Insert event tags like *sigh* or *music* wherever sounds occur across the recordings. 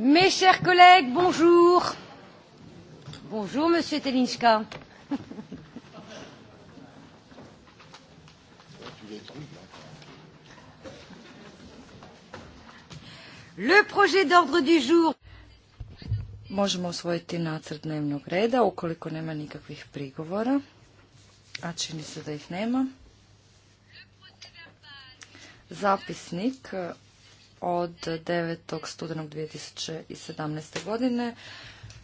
Mes chers collègues, bonjour. Bonjour, Monsieur Telinska. Le projet d'ordre du jour. Možemo osvojiti nacrt dnevnog reda ukoliko nema nikakvih prigovora, a čini se da ih nema. Zapisnik od 9. studenog 2017. godine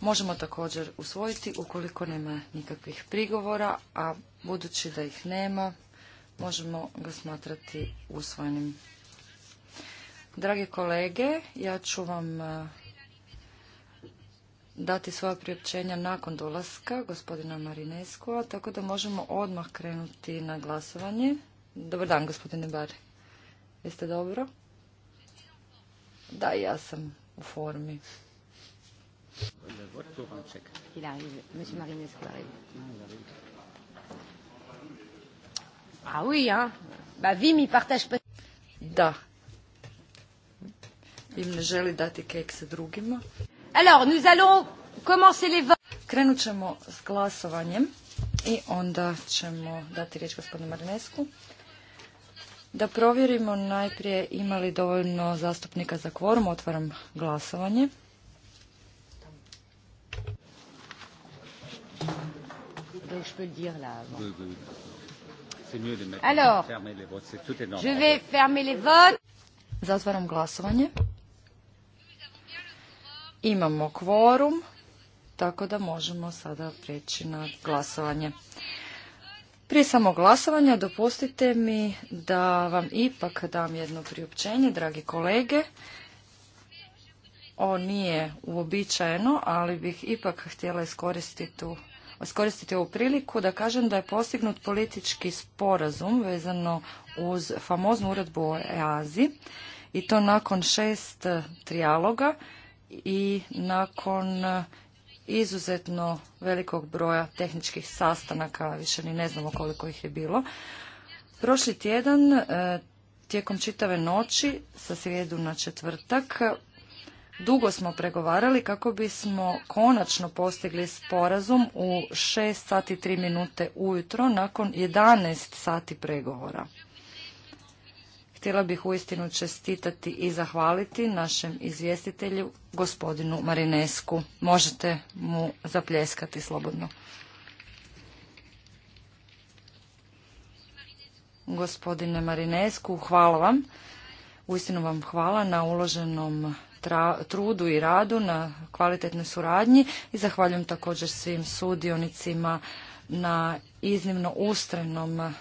možemo također usvojiti ukoliko nema nikakvih prigovora, a budući da ih nema, možemo ga smatrati usvojenim. Drage kolege, ja ću vam e, dati svoja priopćenja nakon dolaska gospodina Marineskova, tako da možemo odmah krenuti na glasovanje. Dobar dan, gospodine Bar Jeste dobro? Da, ja sam u formi. Ah, ah oui, hein. Bah, vi mi partage pas. Da. Vim ne želi dati kekse drugima. Alors, nous allons commencer les votes. Krenut ćemo s glasovanjem i onda ćemo dati riječ gospodinu Marinesku. Da provjerimo najprije ima li dovoljno zastupnika za kvorum. Otvaram glasovanje. Zatvaram glasovanje. Imamo kvorum, tako da možemo sada preći na glasovanje. Prije samog glasovanja dopustite mi da vam ipak dam jedno priopćenje, dragi kolege. Ovo nije uobičajeno, ali bih ipak htjela iskoristiti, iskoristiti ovu priliku da kažem da je postignut politički sporazum vezano uz famoznu uredbu o EAZI i to nakon šest trijaloga i nakon izuzetno velikog broja tehničkih sastanaka, više ni ne znamo koliko ih je bilo. Prošli tjedan, e, tijekom čitave noći, sa srijedu na četvrtak, dugo smo pregovarali kako bismo konačno postigli sporazum u 6 sati 3 minute ujutro nakon 11 sati pregovora. Htjela bih uistinu čestitati i zahvaliti našem izvjestitelju, gospodinu Marinesku. Možete mu zapljeskati slobodno. Gospodine Marinesku, hvala vam. Uistinu vam hvala na uloženom trudu i radu, na kvalitetnoj suradnji i zahvaljujem također svim sudionicima na iznimno ustrenom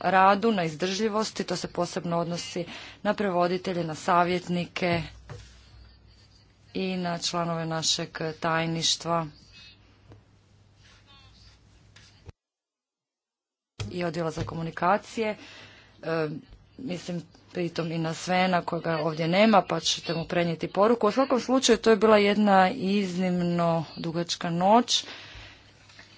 radu, na izdržljivosti, to se posebno odnosi na prevoditelje, na savjetnike i na članove našeg tajništva i odjela za komunikacije. E, mislim pritom i na Svena kojega ovdje nema pa ćete mu prenijeti poruku. U svakom slučaju to je bila jedna iznimno dugačka noć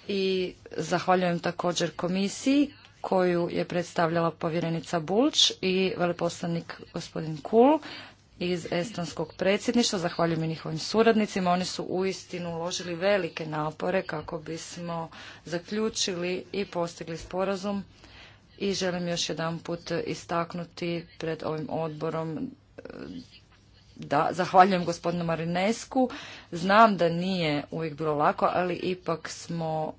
i zahvaljujem također komisiji koju je predstavljala povjerenica Bulč i veleposlanik gospodin Kul iz Estonskog predsjedništva. Zahvaljujem i njihovim suradnicima. Oni su uistinu uložili velike napore kako bismo zaključili i postigli sporazum. I želim još jedan put istaknuti pred ovim odborom e, da, zahvaljujem gospodinu Marinesku. Znam da nije uvijek bilo lako, ali ipak smo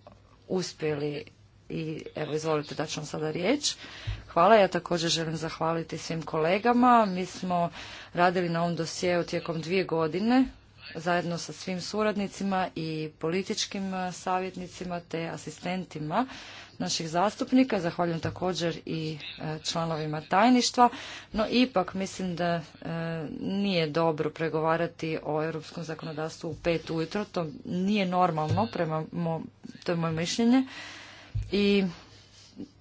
uspjeli i evo izvolite da ću vam sada riječ. Hvala, ja također želim zahvaliti svim kolegama. Mi smo radili na ovom dosjeu tijekom dvije godine zajedno sa svim suradnicima i političkim savjetnicima te asistentima naših zastupnika. Zahvaljujem također i članovima tajništva, no ipak mislim da nije dobro pregovarati o europskom zakonodavstvu u pet ujutro. To nije normalno, prema mo, to je moje mišljenje i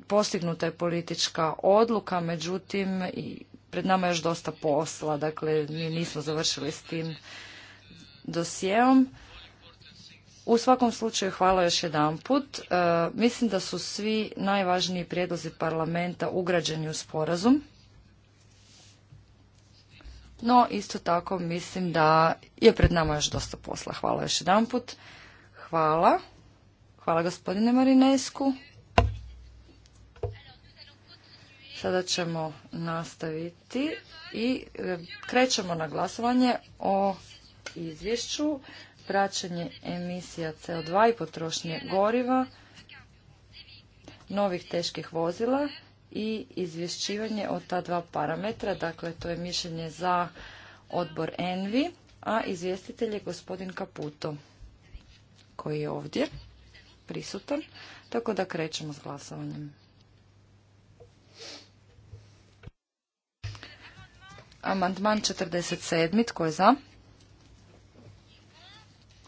postignuta je politička odluka, međutim i pred nama je još dosta posla, dakle mi nismo završili s tim dosijeom. U svakom slučaju hvala još jedanput. E, mislim da su svi najvažniji prijedlozi parlamenta ugrađeni u sporazum. No, isto tako mislim da je pred nama još dosta posla. Hvala još jedanput. Hvala. Hvala gospodine Marinesku. Sada ćemo nastaviti i e, krećemo na glasovanje o izvješću praćenje emisija CO2 i potrošnje goriva novih teških vozila i izvješćivanje o ta dva parametra. Dakle, to je mišljenje za odbor ENVI, a izvjestitelj je gospodin Kaputo koji je ovdje prisutan, tako da krećemo s glasovanjem. Amandman 47. Tko je za?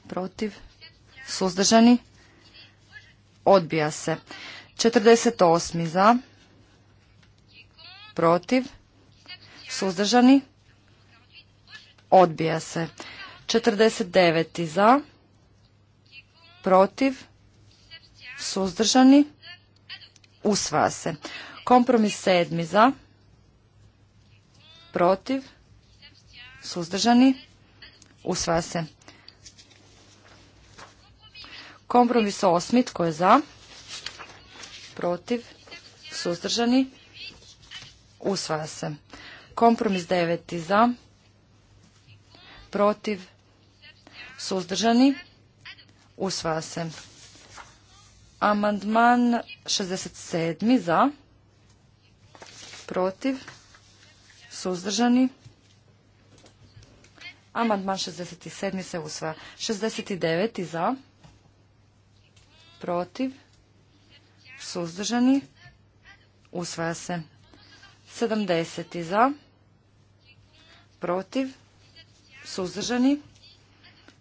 Protiv? Suzdržani? Odbija se. 48. Za? Protiv? Suzdržani? Odbija se. 49. Za? Protiv? suzdržani, usvaja se. Kompromis sedmi za, protiv, suzdržani, usvaja se. Kompromis osmi, tko je za, protiv, suzdržani, usvaja se. Kompromis deveti za, protiv, suzdržani, usvaja se. Amandman 67. za, protiv, suzdržani. Amandman 67. se usvaja. 69. za, protiv, suzdržani. Usvaja se. 70. za, protiv, suzdržani.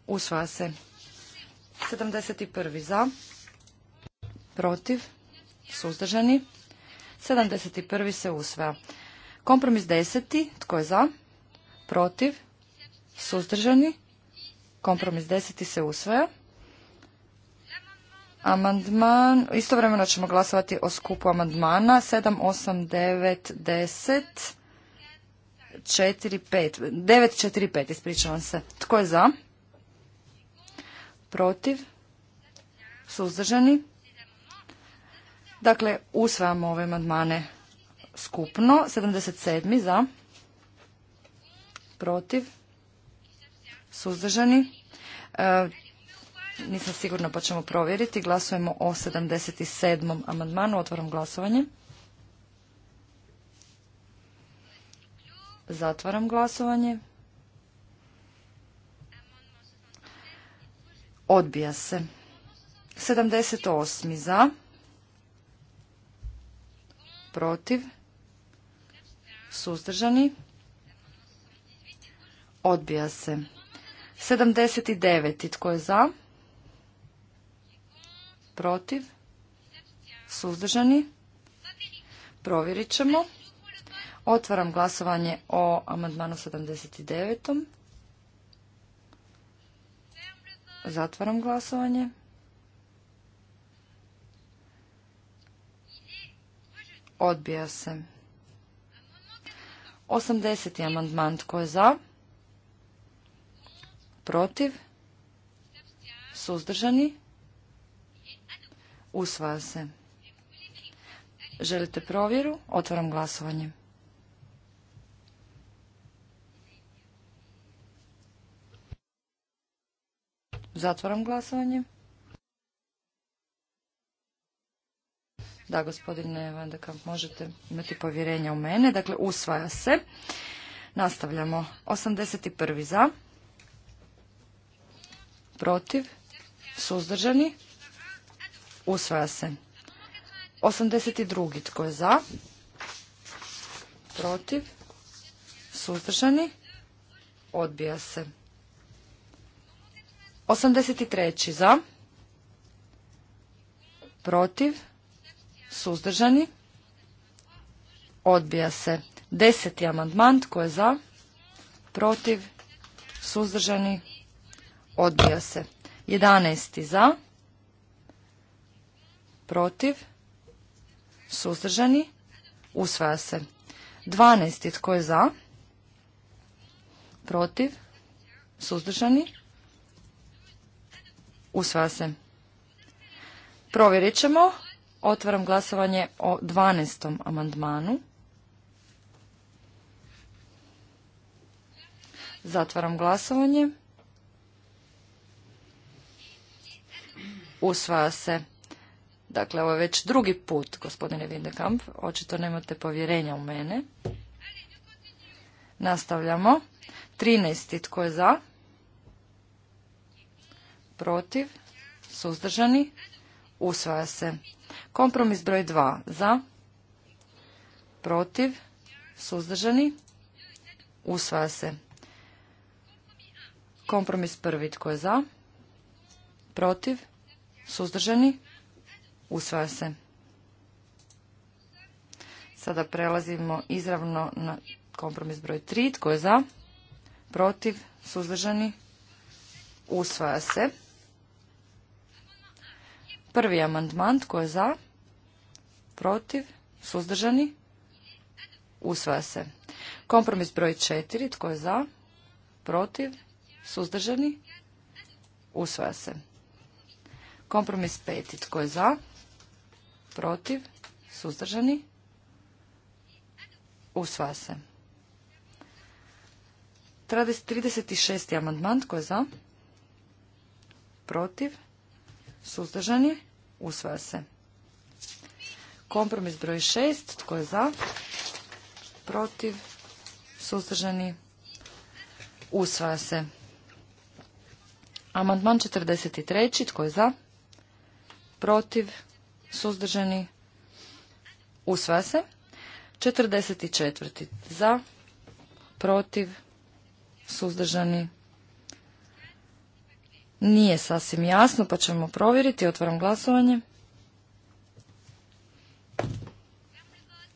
Usvaja se. 71. za, protiv protiv, suzdržani. 71. se usvaja. Kompromis 10. Tko je za? Protiv? Suzdržani? Kompromis 10. se usvaja. Amandman, istovremeno ćemo glasovati o skupu amandmana 7, 8, 9, 10, 4, 5, 9, 4, 5, ispričavam se. Tko je za? Protiv? Suzdržani? Dakle, usvajamo ove amandmane skupno. 77. za, protiv, suzdržani. E, nisam sigurna pa ćemo provjeriti. Glasujemo o 77. amandmanu. Otvaram glasovanje. Zatvaram glasovanje. Odbija se. 78. za, protiv, suzdržani, odbija se. 79. Tko je za? Protiv? Suzdržani? Provjerit ćemo. Otvaram glasovanje o amandmanu 79. Zatvaram glasovanje. Odbija se. 80. amandman. Tko je za? Protiv? Suzdržani? Usvaja se. Želite provjeru? Otvaram glasovanje. Zatvaram glasovanje. Da, gospodine Van možete imati povjerenja u mene. Dakle, usvaja se. Nastavljamo. 81. za. Protiv. Suzdržani. Usvaja se. 82. Tko je za? Protiv. Suzdržani. Odbija se. 83. za. Protiv. Suzdržani? Odbija se. Deseti amandman. Tko je za? Protiv? Suzdržani? Odbija se. Jedanesti za? Protiv? Suzdržani? Usvaja se. Dvanesti. Tko je za? Protiv? Suzdržani? Usvaja se. Provjerit ćemo. Otvaram glasovanje o 12. amandmanu. Zatvaram glasovanje. Usvaja se. Dakle, ovo je već drugi put, gospodine Windekamp. Očito nemate povjerenja u mene. Nastavljamo. 13. Tko je za? Protiv? Suzdržani? Usvaja se. Kompromis broj 2. Za. Protiv. Suzdržani. Usvaja se. Kompromis prvi. Tko je za? Protiv. Suzdržani. Usvaja se. Sada prelazimo izravno na kompromis broj 3. Tko je za? Protiv. Suzdržani. Usvaja se. Prvi amandman, tko je za? Protiv? Suzdržani? Usvaja se. Kompromis broj četiri tko je za? Protiv? Suzdržani? Usvaja se. Kompromis peti tko je za? Protiv? Suzdržani? Usvaja se. 36. amandman, tko je za? Protiv? Suzdržani? Usvaja se. Kompromis broj 6. Tko je za? Protiv? Suzdržani? Usvaja se. Amandman 43. Tko je za? Protiv? Suzdržani? Usvaja se. 44. Za? Protiv? Suzdržani? Nije sasvim jasno, pa ćemo provjeriti. Otvaram glasovanje.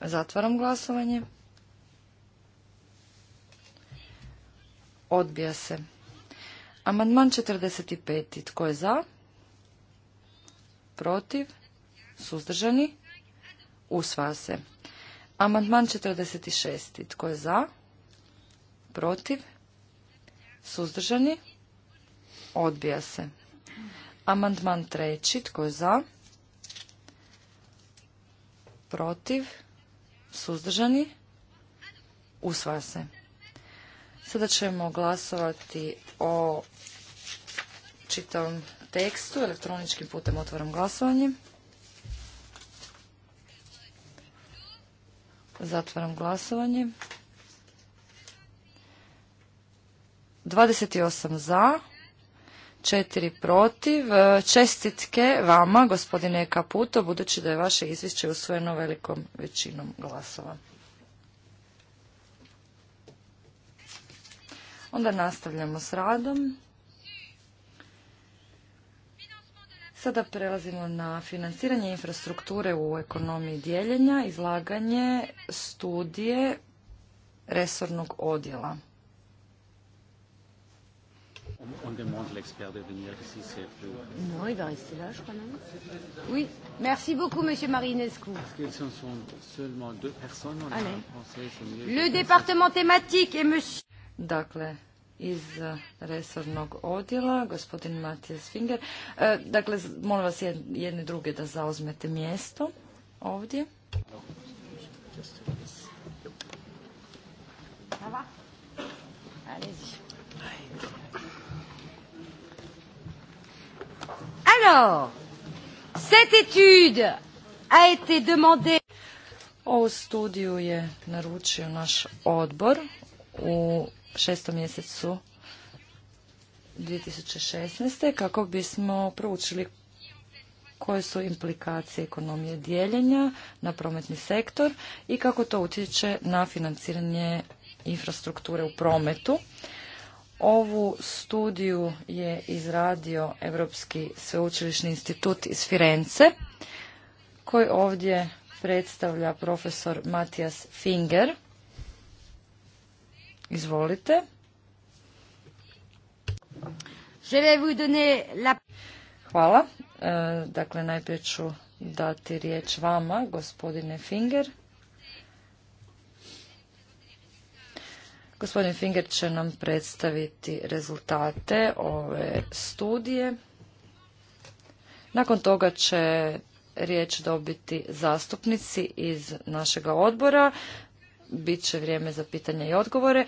Zatvaram glasovanje. Odbija se. Amandman 45. Tko je za? Protiv? Suzdržani? Usvaja se. Amandman 46. Tko je za? Protiv? Suzdržani? Odbija se. Amandman treći. Tko je za? Protiv? Suzdržani? Usvaja se. Sada ćemo glasovati o čitavom tekstu. Elektroničkim putem otvaram glasovanje. Zatvaram glasovanje. 28 za, četiri protiv. E, čestitke vama, gospodine Kaputo, budući da je vaše izvješće usvojeno velikom većinom glasova. Onda nastavljamo s radom. Sada prelazimo na financiranje infrastrukture u ekonomiji dijeljenja, izlaganje studije resornog odjela. On, demande l'expert de venir ici, c'est plus... Non, il va rester là, je crois même. Oui, merci beaucoup, Monsieur Marinescu. Parce qu'ils sont, sont seulement deux personnes, on Allez. a français, Le département thématique et Monsieur... Dakle, iz resornog odjela, gospodin Matijas Finger. E, dakle, molim vas jedne druge da zauzmete mjesto ovdje. Hvala. Hvala. allez Alors, cette étude a été demandée... Ovu studiju je naručio naš odbor u šestom mjesecu 2016. kako bismo proučili koje su implikacije ekonomije dijeljenja na prometni sektor i kako to utječe na financiranje infrastrukture u prometu. Ovu studiju je izradio Europski sveučilišni institut iz Firence, koji ovdje predstavlja profesor Matijas Finger. Izvolite. Hvala. E, dakle, najprije ću dati riječ vama, gospodine Finger. Gospodin Finger će nam predstaviti rezultate ove studije. Nakon toga će riječ dobiti zastupnici iz našega odbora. Biće vrijeme za pitanja i odgovore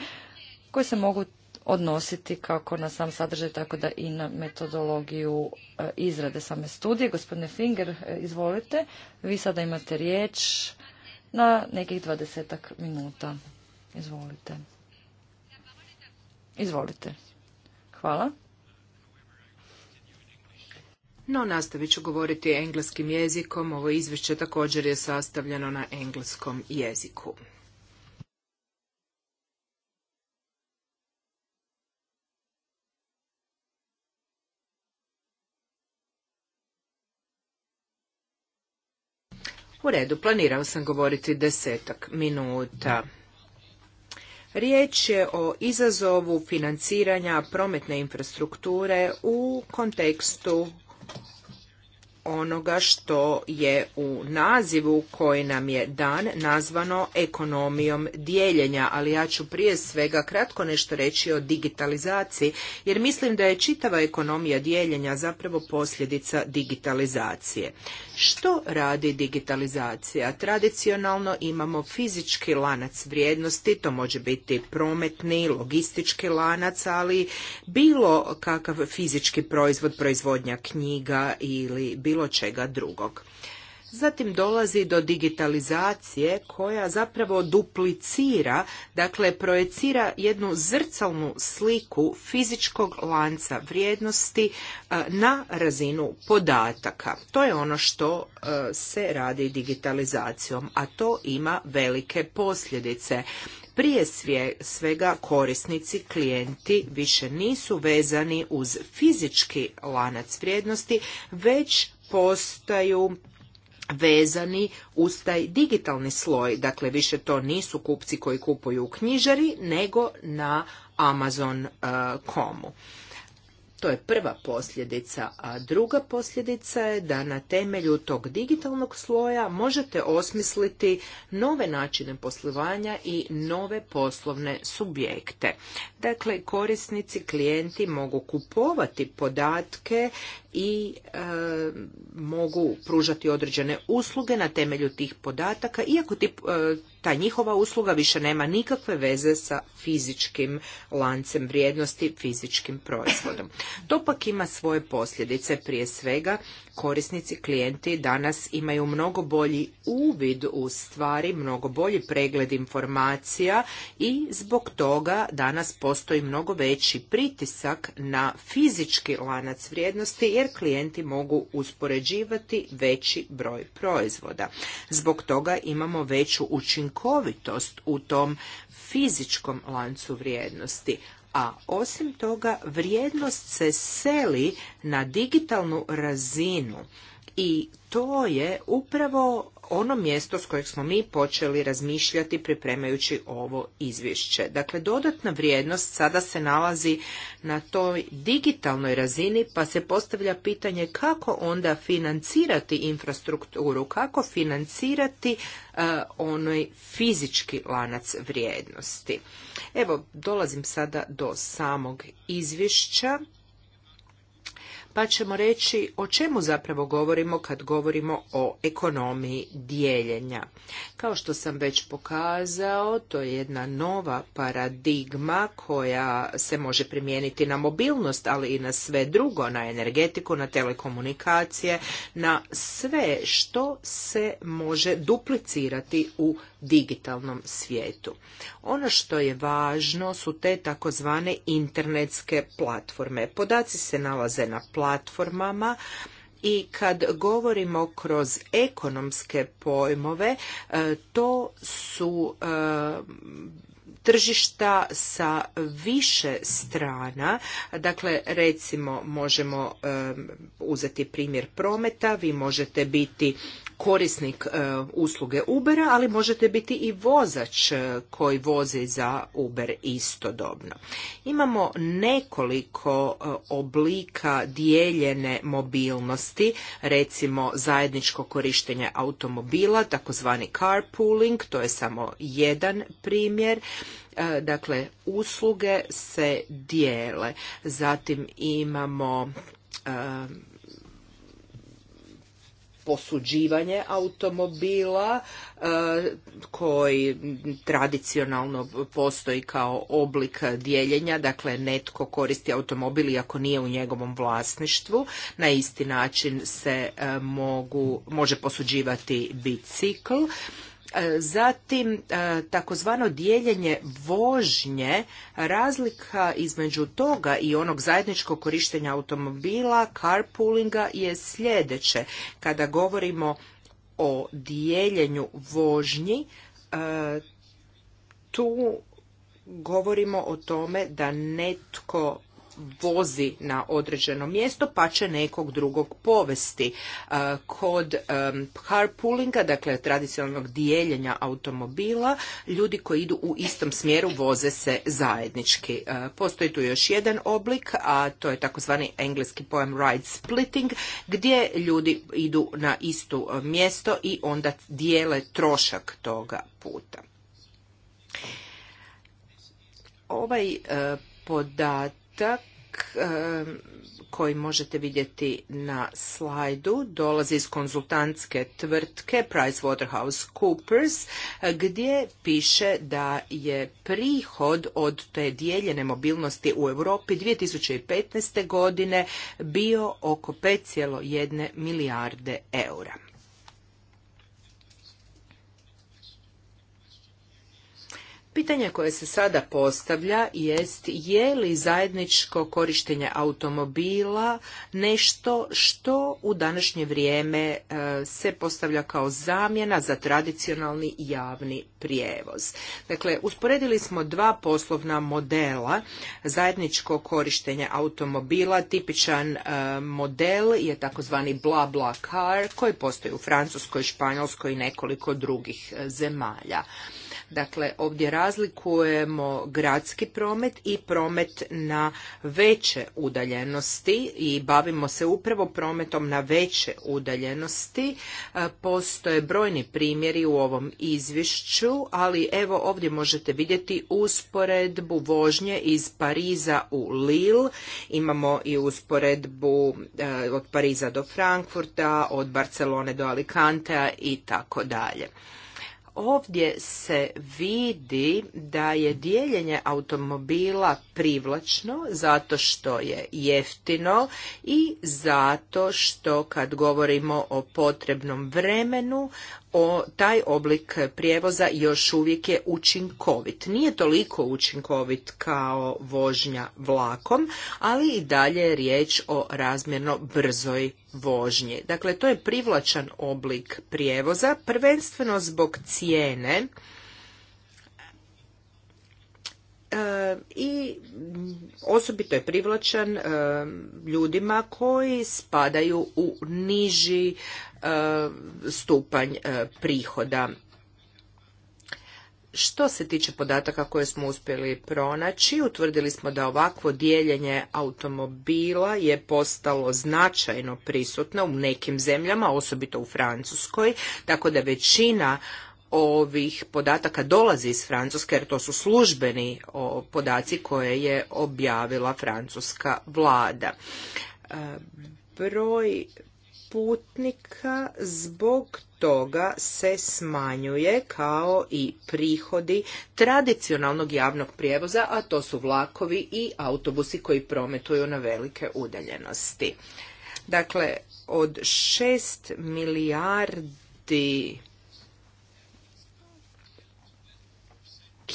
koje se mogu odnositi kako na sam sadržaj, tako da i na metodologiju e, izrade same studije. Gospodine Finger, e, izvolite. Vi sada imate riječ na nekih dvadesetak minuta. Izvolite. Izvolite. Hvala. No, nastavit ću govoriti engleskim jezikom. Ovo izvješće također je sastavljeno na engleskom jeziku. U redu, planirao sam govoriti desetak minuta. Riječ je o izazovu financiranja prometne infrastrukture u kontekstu onoga što je u nazivu koji nam je dan nazvano ekonomijom dijeljenja, ali ja ću prije svega kratko nešto reći o digitalizaciji, jer mislim da je čitava ekonomija dijeljenja zapravo posljedica digitalizacije. Što radi digitalizacija? Tradicionalno imamo fizički lanac vrijednosti, to može biti prometni, logistički lanac, ali bilo kakav fizički proizvod, proizvodnja knjiga ili bilo bilo čega drugog. Zatim dolazi do digitalizacije koja zapravo duplicira, dakle projecira jednu zrcalnu sliku fizičkog lanca vrijednosti e, na razinu podataka. To je ono što e, se radi digitalizacijom, a to ima velike posljedice. Prije svega korisnici, klijenti više nisu vezani uz fizički lanac vrijednosti, već postaju vezani uz taj digitalni sloj. Dakle, više to nisu kupci koji kupuju u knjižari, nego na Amazon.comu. E, to je prva posljedica, a druga posljedica je da na temelju tog digitalnog sloja možete osmisliti nove načine poslovanja i nove poslovne subjekte. Dakle, korisnici, klijenti mogu kupovati podatke i e, mogu pružati određene usluge na temelju tih podataka, iako ti e, ta njihova usluga više nema nikakve veze sa fizičkim lancem vrijednosti, fizičkim proizvodom. To pak ima svoje posljedice, prije svega korisnici, klijenti danas imaju mnogo bolji uvid u stvari, mnogo bolji pregled informacija i zbog toga danas postoji mnogo veći pritisak na fizički lanac vrijednosti jer klijenti mogu uspoređivati veći broj proizvoda. Zbog toga imamo veću učinkovitost u tom fizičkom lancu vrijednosti a osim toga vrijednost se seli na digitalnu razinu i to je upravo ono mjesto s kojeg smo mi počeli razmišljati pripremajući ovo izvješće. Dakle, dodatna vrijednost sada se nalazi na toj digitalnoj razini, pa se postavlja pitanje kako onda financirati infrastrukturu, kako financirati uh, e, onoj fizički lanac vrijednosti. Evo, dolazim sada do samog izvješća pa ćemo reći o čemu zapravo govorimo kad govorimo o ekonomiji dijeljenja. Kao što sam već pokazao, to je jedna nova paradigma koja se može primijeniti na mobilnost, ali i na sve drugo, na energetiku, na telekomunikacije, na sve što se može duplicirati u digitalnom svijetu. Ono što je važno su te takozvane internetske platforme. Podaci se nalaze na platformi platformama i kad govorimo kroz ekonomske pojmove, e, to su e, tržišta sa više strana. Dakle, recimo možemo e, uzeti primjer prometa, vi možete biti korisnik e, usluge Ubera, ali možete biti i vozač e, koji vozi za Uber istodobno. Imamo nekoliko e, oblika dijeljene mobilnosti, recimo zajedničko korištenje automobila, takozvani carpooling, to je samo jedan primjer. Dakle, usluge se dijele. Zatim imamo posuđivanje automobila e, koji tradicionalno postoji kao oblik dijeljenja, dakle netko koristi automobil iako nije u njegovom vlasništvu, na isti način se e, mogu, može posuđivati bicikl. E, zatim, e, takozvano dijeljenje vožnje, razlika između toga i onog zajedničkog korištenja automobila, carpoolinga je sljedeće. Kada govorimo o dijeljenju vožnji, e, tu govorimo o tome da netko vozi na određeno mjesto pa će nekog drugog povesti. E, kod carpoolinga, dakle tradicionalnog dijeljenja automobila, ljudi koji idu u istom smjeru voze se zajednički. E, postoji tu još jedan oblik, a to je takozvani engleski pojam ride splitting, gdje ljudi idu na isto mjesto i onda dijele trošak toga puta. Ovaj e, podatak E, koji možete vidjeti na slajdu dolazi iz konzultantske tvrtke PricewaterhouseCoopers gdje piše da je prihod od te dijeljene mobilnosti u Europi 2015. godine bio oko 5,1 milijarde eura. Pitanje koje se sada postavlja jest je li zajedničko korištenje automobila nešto što u današnje vrijeme e, se postavlja kao zamjena za tradicionalni javni prijevoz. Dakle, usporedili smo dva poslovna modela zajedničko korištenje automobila. Tipičan e, model je takozvani bla bla car koji postoji u Francuskoj, Španjolskoj i nekoliko drugih e, zemalja. Dakle, ovdje razlikujemo gradski promet i promet na veće udaljenosti i bavimo se upravo prometom na veće udaljenosti. E, postoje brojni primjeri u ovom izvišću, ali evo ovdje možete vidjeti usporedbu vožnje iz Pariza u Lille. Imamo i usporedbu e, od Pariza do Frankfurta, od Barcelone do Alicantea i tako dalje. Ovdje se vidi da je dijeljenje automobila privlačno zato što je jeftino i zato što kad govorimo o potrebnom vremenu o, taj oblik prijevoza još uvijek je učinkovit. Nije toliko učinkovit kao vožnja vlakom, ali i dalje je riječ o razmjerno brzoj vožnji. Dakle, to je privlačan oblik prijevoza, prvenstveno zbog cijene i osobito je privlačan e, ljudima koji spadaju u niži e, stupanj e, prihoda. Što se tiče podataka koje smo uspjeli pronaći, utvrdili smo da ovakvo dijeljenje automobila je postalo značajno prisutno u nekim zemljama, osobito u Francuskoj, tako da većina ovih podataka dolazi iz Francuske, jer to su službeni podaci koje je objavila francuska vlada. E, broj putnika zbog toga se smanjuje kao i prihodi tradicionalnog javnog prijevoza, a to su vlakovi i autobusi koji prometuju na velike udaljenosti. Dakle, od šest milijardi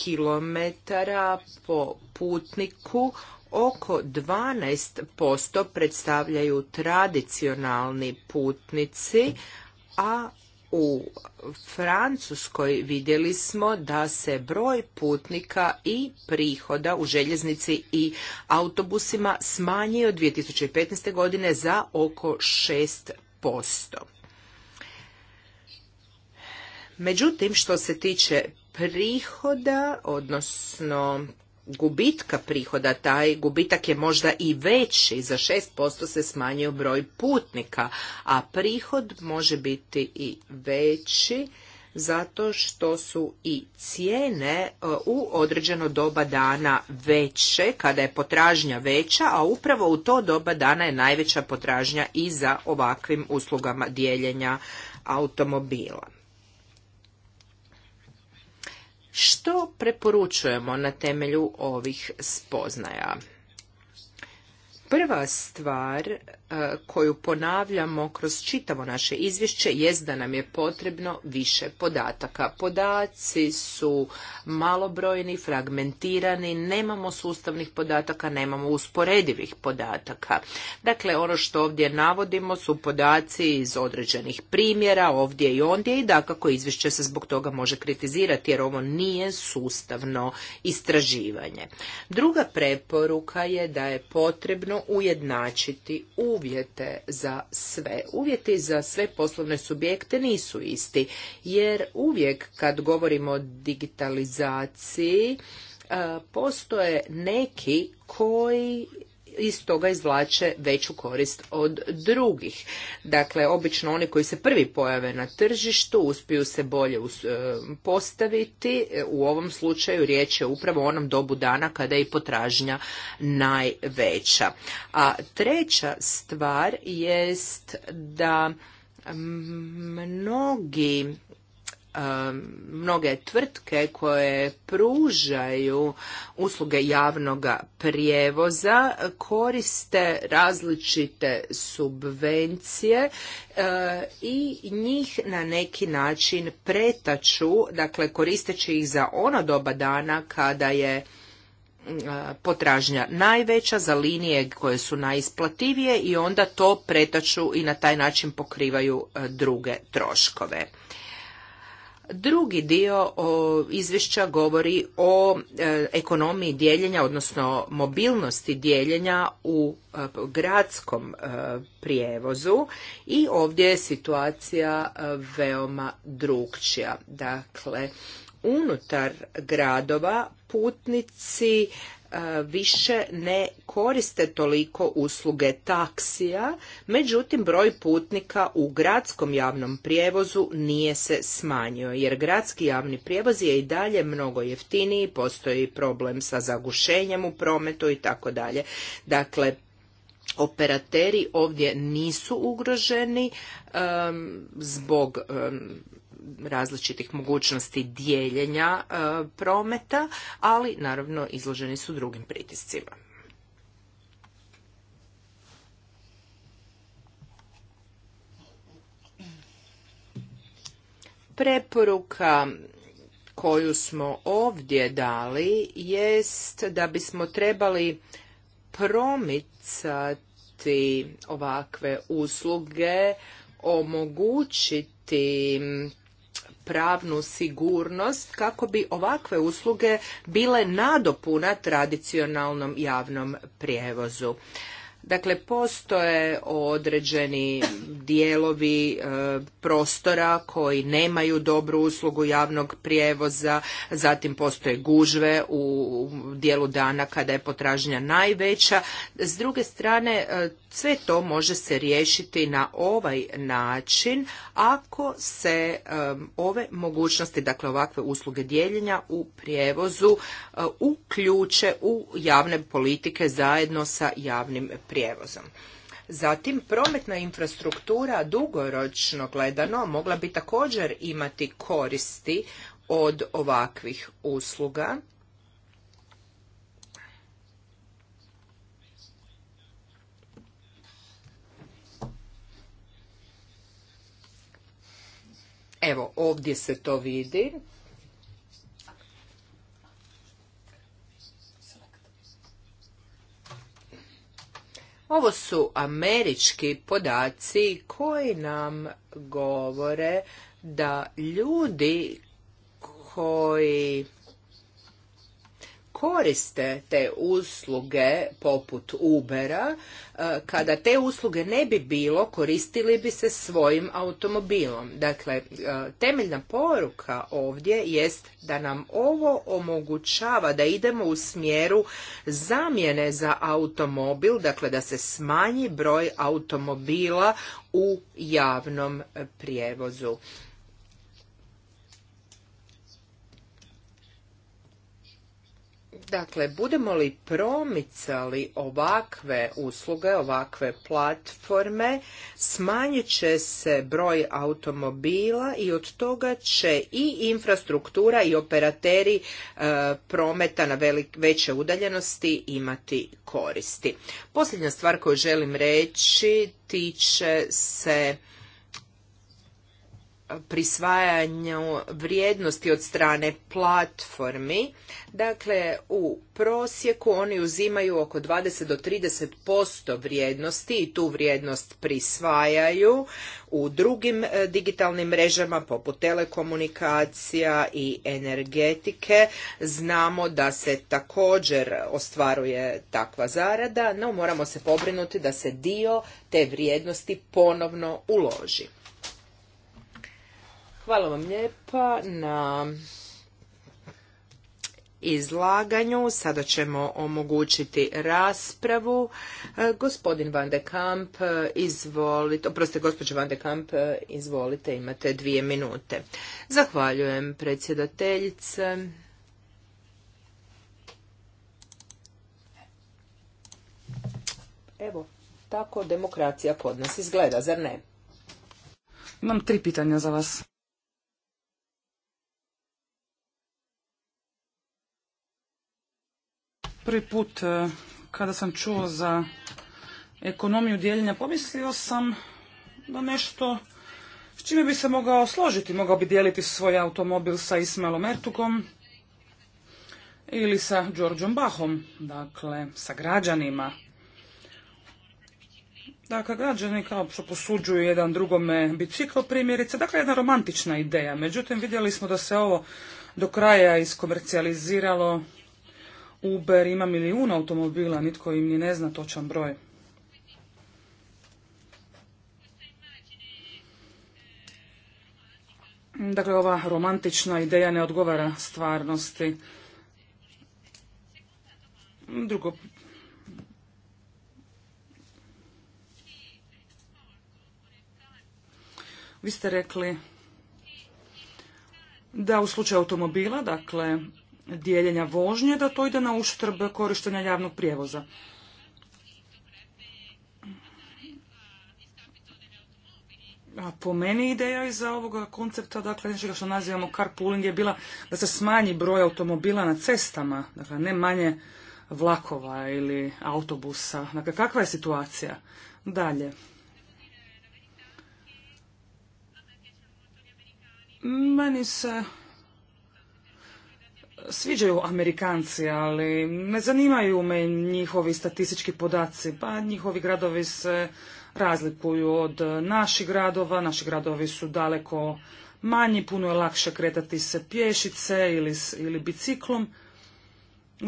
Kilometara po putniku oko 12% predstavljaju tradicionalni putnici, a u Francuskoj vidjeli smo da se broj putnika i prihoda u željeznici i autobusima smanjio 2015. godine za oko 6%. Međutim, što se tiče prihoda, odnosno gubitka prihoda, taj gubitak je možda i veći, za 6% se smanjio broj putnika, a prihod može biti i veći zato što su i cijene e, u određeno doba dana veće, kada je potražnja veća, a upravo u to doba dana je najveća potražnja i za ovakvim uslugama dijeljenja automobila. Što preporučujemo na temelju ovih spoznaja? Prva stvar e, koju ponavljamo kroz čitavo naše izvješće je da nam je potrebno više podataka. Podaci su malobrojni, fragmentirani, nemamo sustavnih podataka, nemamo usporedivih podataka. Dakle, ono što ovdje navodimo su podaci iz određenih primjera, ovdje i ondje i dakako izvješće se zbog toga može kritizirati jer ovo nije sustavno istraživanje. Druga preporuka je da je potrebno ujednačiti uvjete za sve. Uvjeti za sve poslovne subjekte nisu isti, jer uvijek kad govorimo o digitalizaciji, postoje neki koji iz toga izvlače veću korist od drugih. Dakle, obično oni koji se prvi pojave na tržištu uspiju se bolje e, postaviti. E, u ovom slučaju riječ je upravo o onom dobu dana kada je i potražnja najveća. A treća stvar jest da mnogi mnoge tvrtke koje pružaju usluge javnog prijevoza koriste različite subvencije eh, i njih na neki način pretaču, dakle koristeći ih za ono doba dana kada je eh, potražnja najveća za linije koje su najisplativije i onda to pretaču i na taj način pokrivaju eh, druge troškove. Drugi dio izvješća govori o e, ekonomiji dijeljenja, odnosno mobilnosti dijeljenja u e, gradskom e, prijevozu i ovdje je situacija veoma drugčija. Dakle, unutar gradova putnici E, više ne koriste toliko usluge taksija, međutim broj putnika u gradskom javnom prijevozu nije se smanjio, jer gradski javni prijevoz je i dalje mnogo jeftiniji, postoji problem sa zagušenjem u prometu i tako dalje. Dakle, operateri ovdje nisu ugroženi zbog različitih mogućnosti dijeljenja e, prometa, ali naravno izloženi su drugim pritiscima. Preporuka koju smo ovdje dali jest da bismo trebali promicati ovakve usluge, omogućiti pravnu sigurnost kako bi ovakve usluge bile nadopuna tradicionalnom javnom prijevozu. Dakle, postoje određeni dijelovi e, prostora koji nemaju dobru uslugu javnog prijevoza, zatim postoje gužve u dijelu dana kada je potražnja najveća. S druge strane, e, sve to može se riješiti na ovaj način ako se ove mogućnosti, dakle ovakve usluge dijeljenja u prijevozu e, uključe u javne politike zajedno sa javnim prijevozom. Zatim, prometna infrastruktura dugoročno gledano mogla bi također imati koristi od ovakvih usluga Evo, ovdje se to vidi. Ovo su američki podaci koji nam govore da ljudi koji koriste te usluge poput Ubera, e, kada te usluge ne bi bilo, koristili bi se svojim automobilom. Dakle, e, temeljna poruka ovdje jest da nam ovo omogućava da idemo u smjeru zamjene za automobil, dakle da se smanji broj automobila u javnom prijevozu. Dakle, budemo li promicali ovakve usluge, ovakve platforme, smanjit će se broj automobila i od toga će i infrastruktura i operateri e, prometa na velik, veće udaljenosti imati koristi. Posljednja stvar koju želim reći tiče se prisvajanju vrijednosti od strane platformi. Dakle, u prosjeku oni uzimaju oko 20 do 30% vrijednosti i tu vrijednost prisvajaju u drugim e, digitalnim mrežama poput telekomunikacija i energetike. Znamo da se također ostvaruje takva zarada, no moramo se pobrinuti da se dio te vrijednosti ponovno uloži. Hvala vam lijepa na izlaganju. Sada ćemo omogućiti raspravu. E, gospodin Van de Kamp, e, izvolite, oprostite, gospođo Van de Kamp, e, izvolite, imate dvije minute. Zahvaljujem predsjedateljice. Evo, tako demokracija kod nas izgleda, zar ne? Imam tri pitanja za vas. Prvi put e, kada sam čuo za ekonomiju dijeljenja, pomislio sam da nešto s čime bi se mogao složiti. Mogao bi dijeliti svoj automobil sa Ismailom Ertugom ili sa Đorđom Bahom, dakle sa građanima. Dakle, građani kao što posuđuju jedan drugome bicikl primjerice, dakle jedna romantična ideja. Međutim, vidjeli smo da se ovo do kraja iskomercijaliziralo Uber ima milijun automobila, nitko im ni ne zna točan broj. Dakle, ova romantična ideja ne odgovara stvarnosti. Drugo, vi ste rekli da u slučaju automobila, dakle, dijeljenja vožnje, da to ide na uštrb korištenja javnog prijevoza. A po meni ideja iza ovoga koncepta, dakle nečega što nazivamo carpooling je bila da se smanji broj automobila na cestama, dakle ne manje vlakova ili autobusa. Dakle, kakva je situacija? Dalje. Meni se sviđaju Amerikanci, ali ne zanimaju me njihovi statistički podaci, pa njihovi gradovi se razlikuju od naših gradova, naši gradovi su daleko manji, puno je lakše kretati se pješice ili, ili biciklom.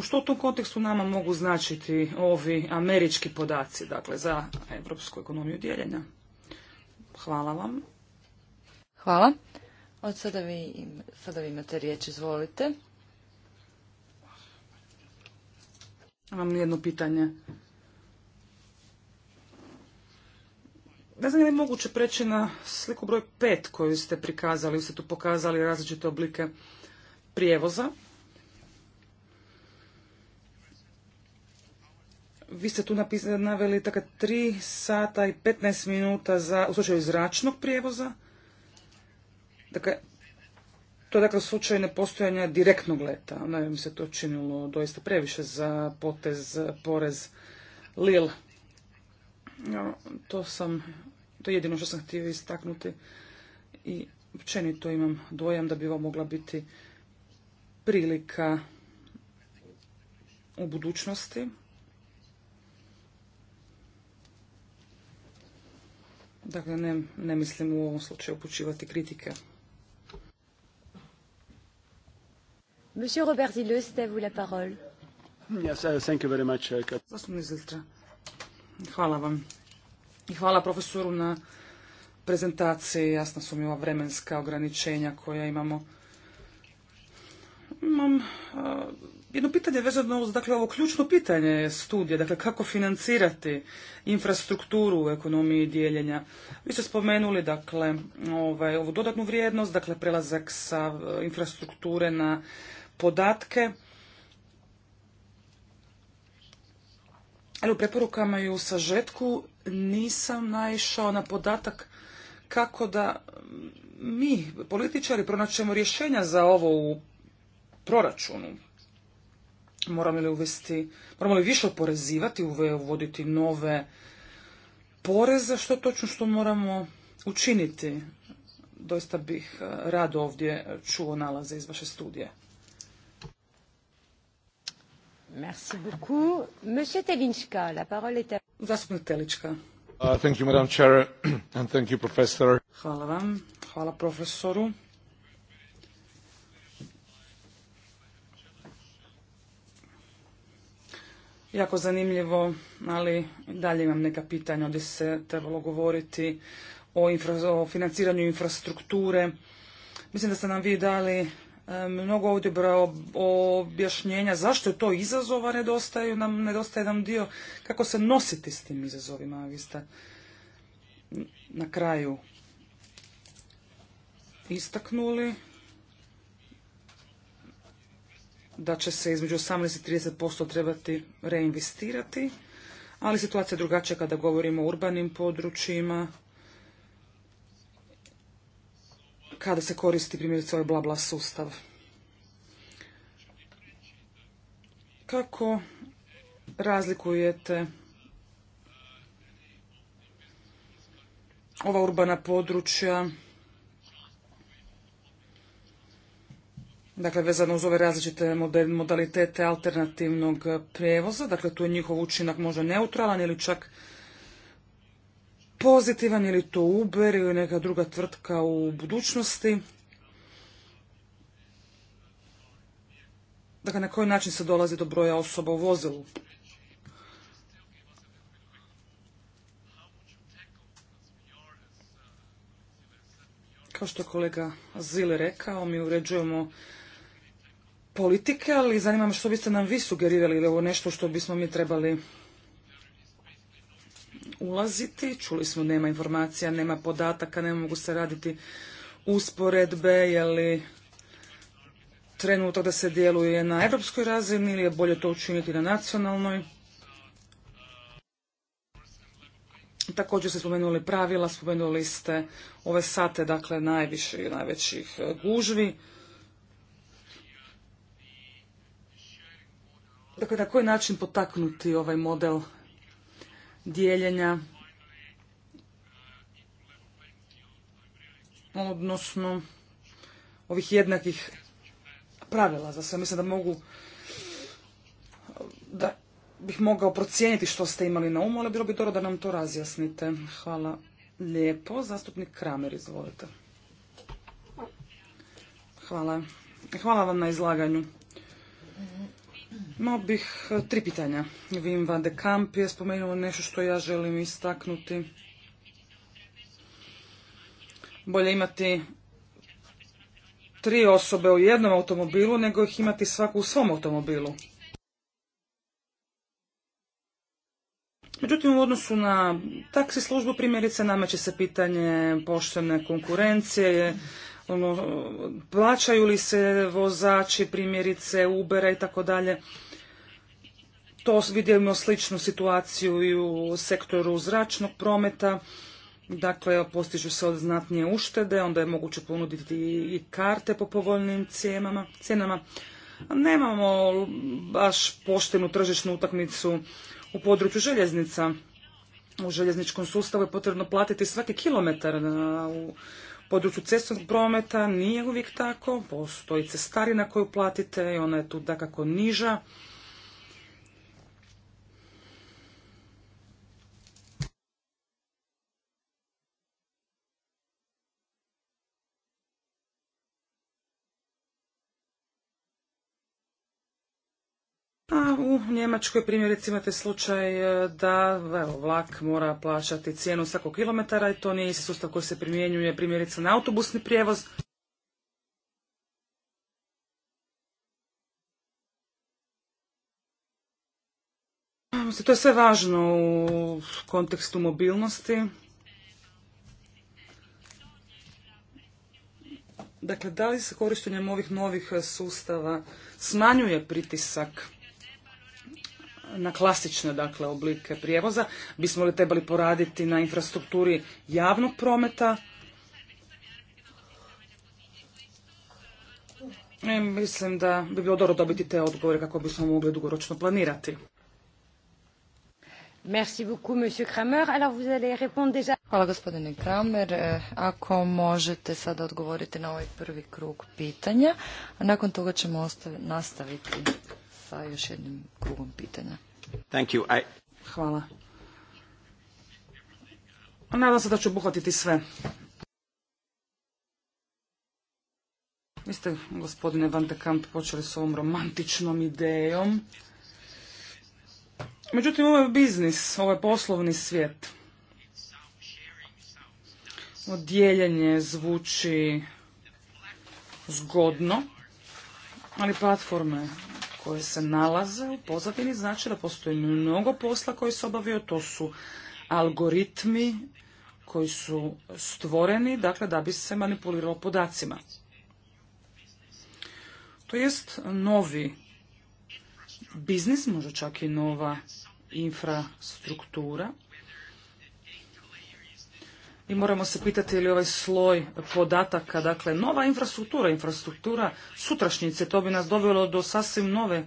Što u tom kontekstu nama mogu značiti ovi američki podaci, dakle, za evropsku ekonomiju dijeljenja? Hvala vam. Hvala. Od sada vi, sada vi imate riječ, izvolite. Imam jedno pitanje. Ne znam je li moguće preći na sliku broj pet koju ste prikazali, vi ste tu pokazali različite oblike prijevoza. Vi ste tu napisali, naveli tako dakle, 3 sata i 15 minuta za, u slučaju zračnog prijevoza. Dakle, to je dakle slučaj nepostojanja direktnog leta. Ona mi se to činilo doista previše za potez, porez Lil. to sam, to je jedino što sam htio istaknuti i općenito imam dojam da bi ovo mogla biti prilika u budućnosti Dakle, ne, ne mislim u ovom slučaju upućivati kritike. Hvala vam. I hvala profesoru na prezentaciji. Jasna su mi ova vremenska ograničenja koja imamo. Imam uh, jedno pitanje vezano uz dakle, ovo ključno pitanje studije, dakle kako financirati infrastrukturu u ekonomiji dijeljenja. Vi ste spomenuli dakle ovaj, ovu dodatnu vrijednost, dakle prelazak sa uh, infrastrukture na podatke. Ali u preporukama i u sažetku nisam naišao na podatak kako da mi, političari, pronaćemo rješenja za ovo u proračunu. Moramo li uvesti, moramo li više oporezivati, uvoditi nove poreze, što je točno što moramo učiniti. Doista bih eh, rado ovdje čuo nalaze iz vaše studije. Merci beaucoup. Monsieur Telinčka, la parole est à... Zastupnik Telička. Uh, thank you, Madam Chair, *clears throat* and thank you, Professor. Hvala vam. Hvala profesoru. Jako zanimljivo, ali dalje imam neka pitanja. Ovdje se trebalo govoriti o, infra, o financiranju infrastrukture. Mislim da ste nam vi dali mnogo ovdje broja objašnjenja zašto je to izazova, nedostaju nam, nedostaje nam dio kako se nositi s tim izazovima. Vi ste na kraju istaknuli da će se između 18 i 30% trebati reinvestirati, ali situacija je drugačija kada govorimo o urbanim područjima, kada se koristi primjerice ovaj blabla sustav. Kako razlikujete ova urbana područja, dakle vezano uz ove različite modalitete alternativnog prijevoza, dakle tu je njihov učinak možda neutralan ili čak pozitivan, ili to Uber ili neka druga tvrtka u budućnosti. Dakle, na koji način se dolazi do broja osoba u vozilu? Kao što je kolega Zile rekao, mi uređujemo politike, ali zanima me što biste nam vi sugerirali, ili ovo nešto što bismo mi trebali ulaziti. Čuli smo, nema informacija, nema podataka, ne mogu se raditi usporedbe, je li trenutak da se djeluje na europskoj razini ili je bolje to učiniti na nacionalnoj. Također ste spomenuli pravila, spomenuli ste ove sate, dakle, najviše i najvećih e, gužvi. Dakle, na koji način potaknuti ovaj model dijeljenja odnosno ovih jednakih pravila za sve. Mislim da mogu da bih mogao procijeniti što ste imali na umu, ali bilo bi dobro da nam to razjasnite. Hvala lijepo. Zastupnik Kramer, izvolite. Hvala. Hvala vam na izlaganju. Imao bih e, tri pitanja. Wim van de Kamp je spomenuo nešto što ja želim istaknuti. Bolje imati tri osobe u jednom automobilu nego ih imati svaku u svom automobilu. Međutim, u odnosu na taksi službu primjerice nameće se pitanje poštene konkurencije, ono, plaćaju li se vozači primjerice Ubera i tako dalje. To vidimo sličnu situaciju i u sektoru zračnog prometa. Dakle, postižu se odznatnije uštede, onda je moguće ponuditi i karte po povoljnim cijenama. Nemamo baš poštenu tržišnu utakmicu u području željeznica. U željezničkom sustavu je potrebno platiti svaki kilometar u području cestovnog prometa. Nije uvijek tako. Postoji cestarina koju platite i ona je tu dakako niža. Njemačkoj primjerice imate slučaj e, da evo, vlak mora plaćati cijenu svakog kilometara i to nije sustav koji se primjenjuje primjerice na autobusni prijevoz. To je sve važno u kontekstu mobilnosti. Dakle, da li se korištenjem ovih novih sustava smanjuje pritisak na klasične dakle oblike prijevoza. Bismo li trebali poraditi na infrastrukturi javnog prometa? I e, mislim da bi bilo dobro dobiti te odgovore kako bismo mogli dugoročno planirati. Merci beaucoup, monsieur Kramer. Alors, vous allez répondre déjà... Hvala gospodine Kramer. E, ako možete sada odgovoriti na ovaj prvi krug pitanja, a nakon toga ćemo nastaviti sa još jednim krugom pitanja. Hvala. Nadam se da ću obuhvatiti sve. Vi ste, gospodine Van de Kamp, počeli s ovom romantičnom idejom. Međutim, ovo je biznis, ovo je poslovni svijet. Odjeljenje zvuči zgodno, ali platforme koje se nalaze u pozadini znači da postoji mnogo posla koji se obavio, to su algoritmi koji su stvoreni, dakle da bi se manipuliralo podacima. To jest novi biznis, možda čak i nova infrastruktura i moramo se pitati je li ovaj sloj podataka, dakle nova infrastruktura, infrastruktura sutrašnjice, to bi nas dovelo do sasvim nove,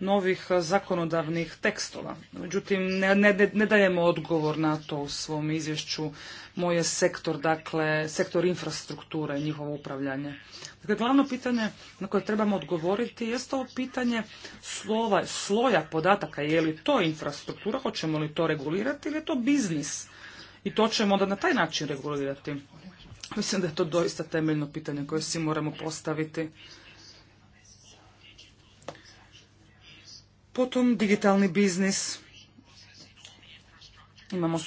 novih eh, zakonodavnih tekstova. Međutim, ne, ne, ne dajemo odgovor na to u svom izvješću. Moj je sektor, dakle, sektor infrastrukture i njihovo upravljanje. Dakle, glavno pitanje na koje trebamo odgovoriti je to pitanje slova, sloja podataka. Je li to infrastruktura, hoćemo li to regulirati ili je to biznis? i to ćemo onda na taj način regulirati. Mislim da je to doista temeljno pitanje koje si moramo postaviti. Potom digitalni biznis. Imamo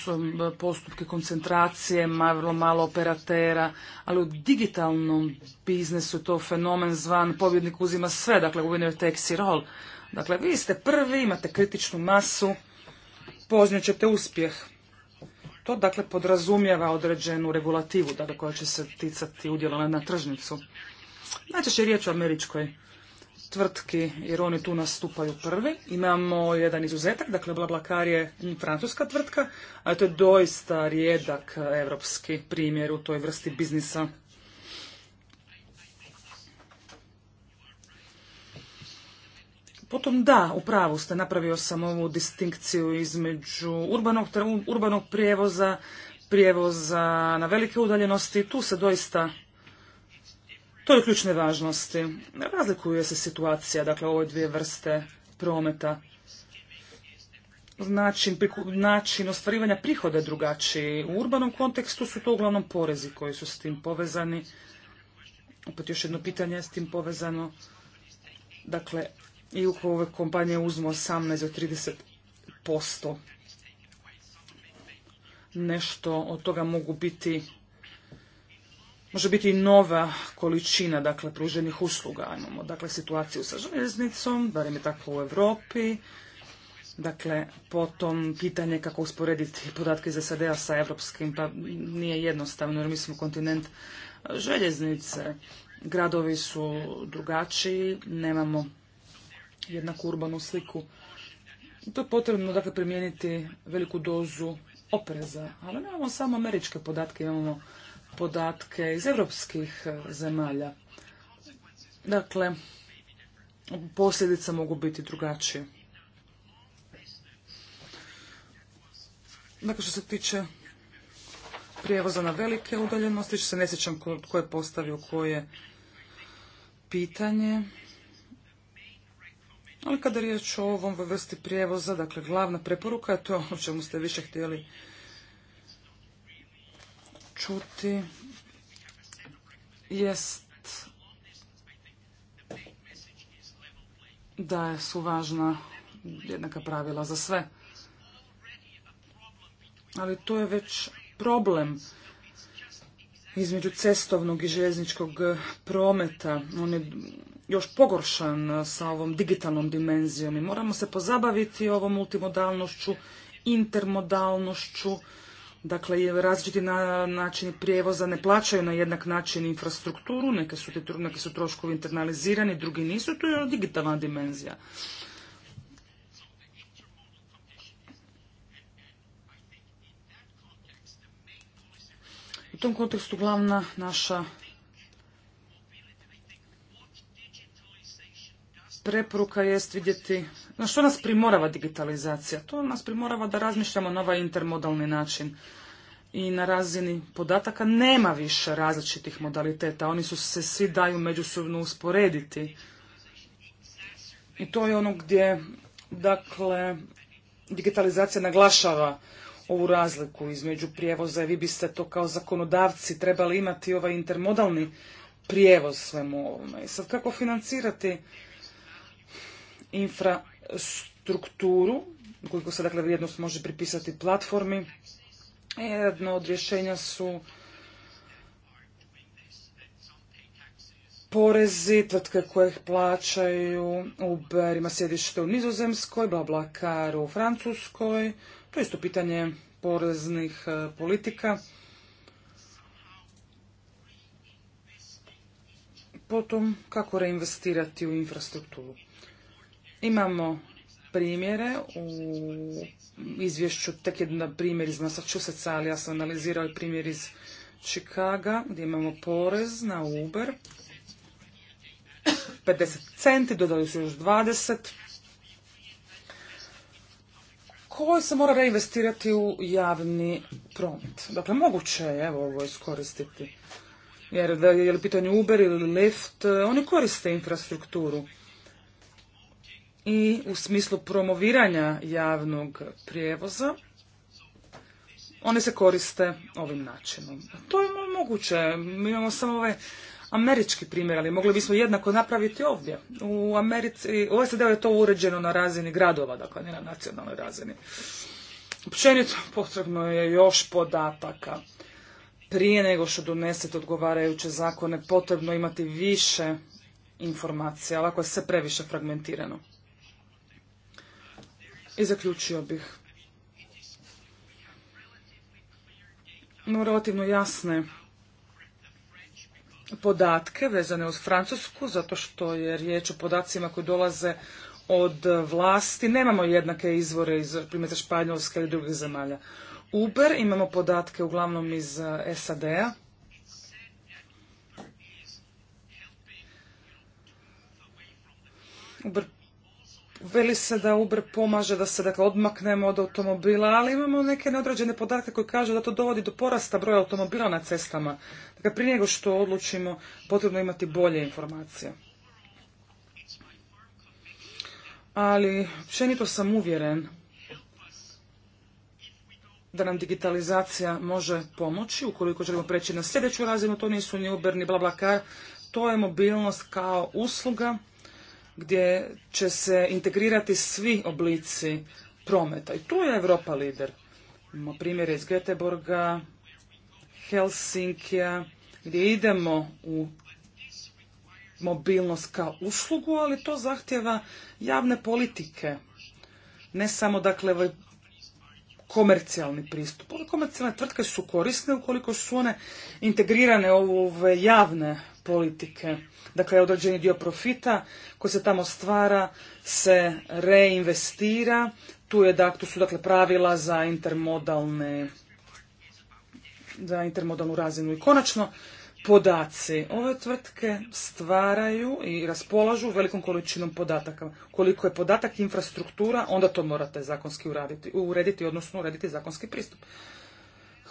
postupke koncentracije, vrlo malo operatera, ali u digitalnom biznesu je to fenomen zvan pobjednik uzima sve, dakle winner takes it all. Dakle, vi ste prvi, imate kritičnu masu, poznat ćete uspjeh. To dakle podrazumijeva određenu regulativu dakle, koja će se ticati udjela na tržnicu. Najčešće je riječ o američkoj tvrtki jer oni tu nastupaju prvi. Imamo jedan izuzetak, dakle BlaBlaCar je francuska tvrtka, a to je doista rijedak evropski primjer u toj vrsti biznisa. Potom da, u pravu ste, napravio sam ovu distinkciju između urbanog, urbanog prijevoza, prijevoza na velike udaljenosti. Tu se doista, to je ključne važnosti. Razlikuje se situacija, dakle, ove dvije vrste prometa. Način, ostvarivanja prihoda drugačiji. U urbanom kontekstu su to uglavnom porezi koji su s tim povezani. Opet još jedno pitanje je s tim povezano. Dakle, i u ove kompanije uzmu 18 do 30%. Nešto od toga mogu biti može biti i nova količina dakle pruženih usluga. Imamo dakle situaciju sa željeznicom, barem je tako u Europi. Dakle, potom pitanje kako usporediti podatke iz SAD-a sa evropskim, pa nije jednostavno jer mi smo kontinent željeznice. Gradovi su drugačiji, nemamo jednaku urbanu sliku. To je potrebno dakle, primijeniti veliku dozu opreza, ali nemamo samo američke podatke, imamo podatke iz europskih e, zemalja. Dakle, posljedice mogu biti drugačije. Dakle, što se tiče prijevoza na velike udaljenosti, što se ne sjećam tko je postavio koje pitanje. Ali kada je riječ o ovom vrsti prijevoza, dakle glavna preporuka je to o čemu ste više htjeli čuti, jest da su važna jednaka pravila za sve. Ali to je već problem između cestovnog i željezničkog eh, prometa. On je još pogoršan eh, sa ovom digitalnom dimenzijom i moramo se pozabaviti ovom multimodalnošću, intermodalnošću, dakle različiti na, načini prijevoza ne plaćaju na jednak način infrastrukturu, neke su, neke su troškovi internalizirani, drugi nisu, To je digitalna dimenzija. tom kontekstu glavna naša preporuka jest vidjeti na što nas primorava digitalizacija. To nas primorava da razmišljamo na ovaj intermodalni način. I na razini podataka nema više različitih modaliteta. Oni su se svi daju međusobno usporediti. I to je ono gdje, dakle, digitalizacija naglašava ovu razliku između prijevoza i vi biste to kao zakonodavci trebali imati ovaj intermodalni prijevoz svemu ovome. I sad kako financirati infrastrukturu, koliko se dakle vrijednost može pripisati platformi, jedno od rješenja su porezi, tvrtke koje ih plaćaju, Uber ima sjedište u Nizozemskoj, BlaBlaCar u Francuskoj, to je isto pitanje poreznih e, politika. Potom, kako reinvestirati u infrastrukturu. Imamo primjere u izvješću, tek jedan primjer iz Massachusettsa, ali ja sam analizirao i primjer iz Chicaga, gdje imamo porez na Uber. 50 centi, dodali su još 20 koji se mora reinvestirati u javni promet. Dakle, moguće je evo, ovo iskoristiti. Jer da je li pitanje Uber ili Lyft, eh, oni koriste infrastrukturu. I u smislu promoviranja javnog prijevoza, oni se koriste ovim načinom. To je moguće. Mi imamo samo ove američki primjer, ali mogli bismo jednako napraviti ovdje. U Americi, u sad je to uređeno na razini gradova, dakle ne na nacionalnoj razini. Općenito potrebno je još podataka. Prije nego što donesete odgovarajuće zakone, potrebno imati više informacija, ovako je sve previše fragmentirano. I zaključio bih. Imamo relativno jasne podatke vezane uz Francusku, zato što je riječ o podacima koji dolaze od vlasti. Nemamo jednake izvore iz za Španjolske ili drugih zemalja. Uber, imamo podatke uglavnom iz eh, SAD-a. Uber Veli se da Uber pomaže da se dakle, odmaknemo od automobila, ali imamo neke neodređene podatke koji kažu da to dovodi do porasta broja automobila na cestama. Dakle, prije nego što odlučimo, potrebno imati bolje informacije. Ali, općenito sam uvjeren da nam digitalizacija može pomoći ukoliko želimo preći na sljedeću razinu, to nisu ni Uber ni BlaBlaCar, to je mobilnost kao usluga gdje će se integrirati svi oblici prometa. I tu je Europa lider. Imamo primjere iz Göteborga, Helsinkija, gdje idemo u mobilnost kao uslugu, ali to zahtjeva javne politike. Ne samo, dakle, ovaj komercijalni pristup. Ove komercijalne tvrtke su korisne ukoliko su one integrirane u ove javne politike. Dakle, određeni dio profita koji se tamo stvara se reinvestira. Tu, je, tu su dakle pravila za intermodalne za intermodalnu razinu. I konačno, podaci. Ove tvrtke stvaraju i raspolažu velikom količinom podataka. Koliko je podatak infrastruktura, onda to morate zakonski uraditi, urediti, odnosno urediti zakonski pristup.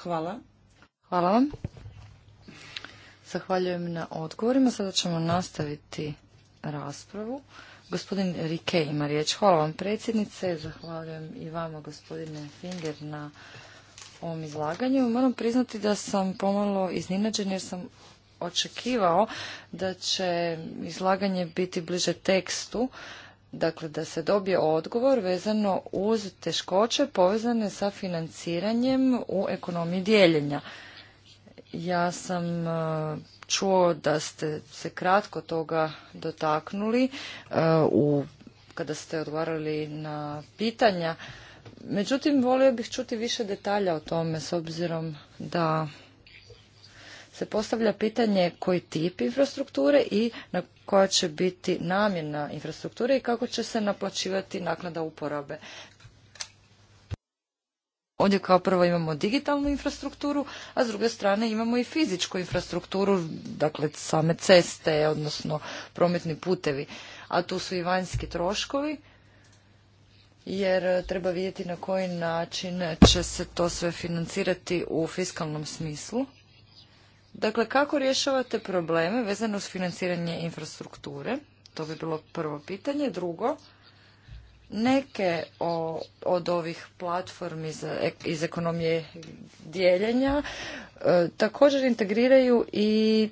Hvala. Hvala vam. Zahvaljujem na odgovorima. Sada ćemo nastaviti raspravu. Gospodin Rike ima riječ. Hvala vam predsjednice. Zahvaljujem i vama gospodine Finger na ovom izlaganju. Moram priznati da sam pomalo iznenađen jer sam očekivao da će izlaganje biti bliže tekstu, dakle da se dobije odgovor vezano uz teškoće povezane sa financiranjem u ekonomiji dijeljenja. Ja sam e, čuo da ste se kratko toga dotaknuli e, u, kada ste odgovarali na pitanja. Međutim, volio bih čuti više detalja o tome s obzirom da se postavlja pitanje koji tip infrastrukture i na koja će biti namjena infrastrukture i kako će se naplaćivati naknada uporabe. Ovdje kao prvo imamo digitalnu infrastrukturu, a s druge strane imamo i fizičku infrastrukturu, dakle same ceste, odnosno prometni putevi. A tu su i vanjski troškovi, jer treba vidjeti na koji način će se to sve financirati u fiskalnom smislu. Dakle, kako rješavate probleme vezano uz financiranje infrastrukture? To bi bilo prvo pitanje. Drugo, Neke od ovih platformi iz ekonomije dijeljenja e, također integriraju i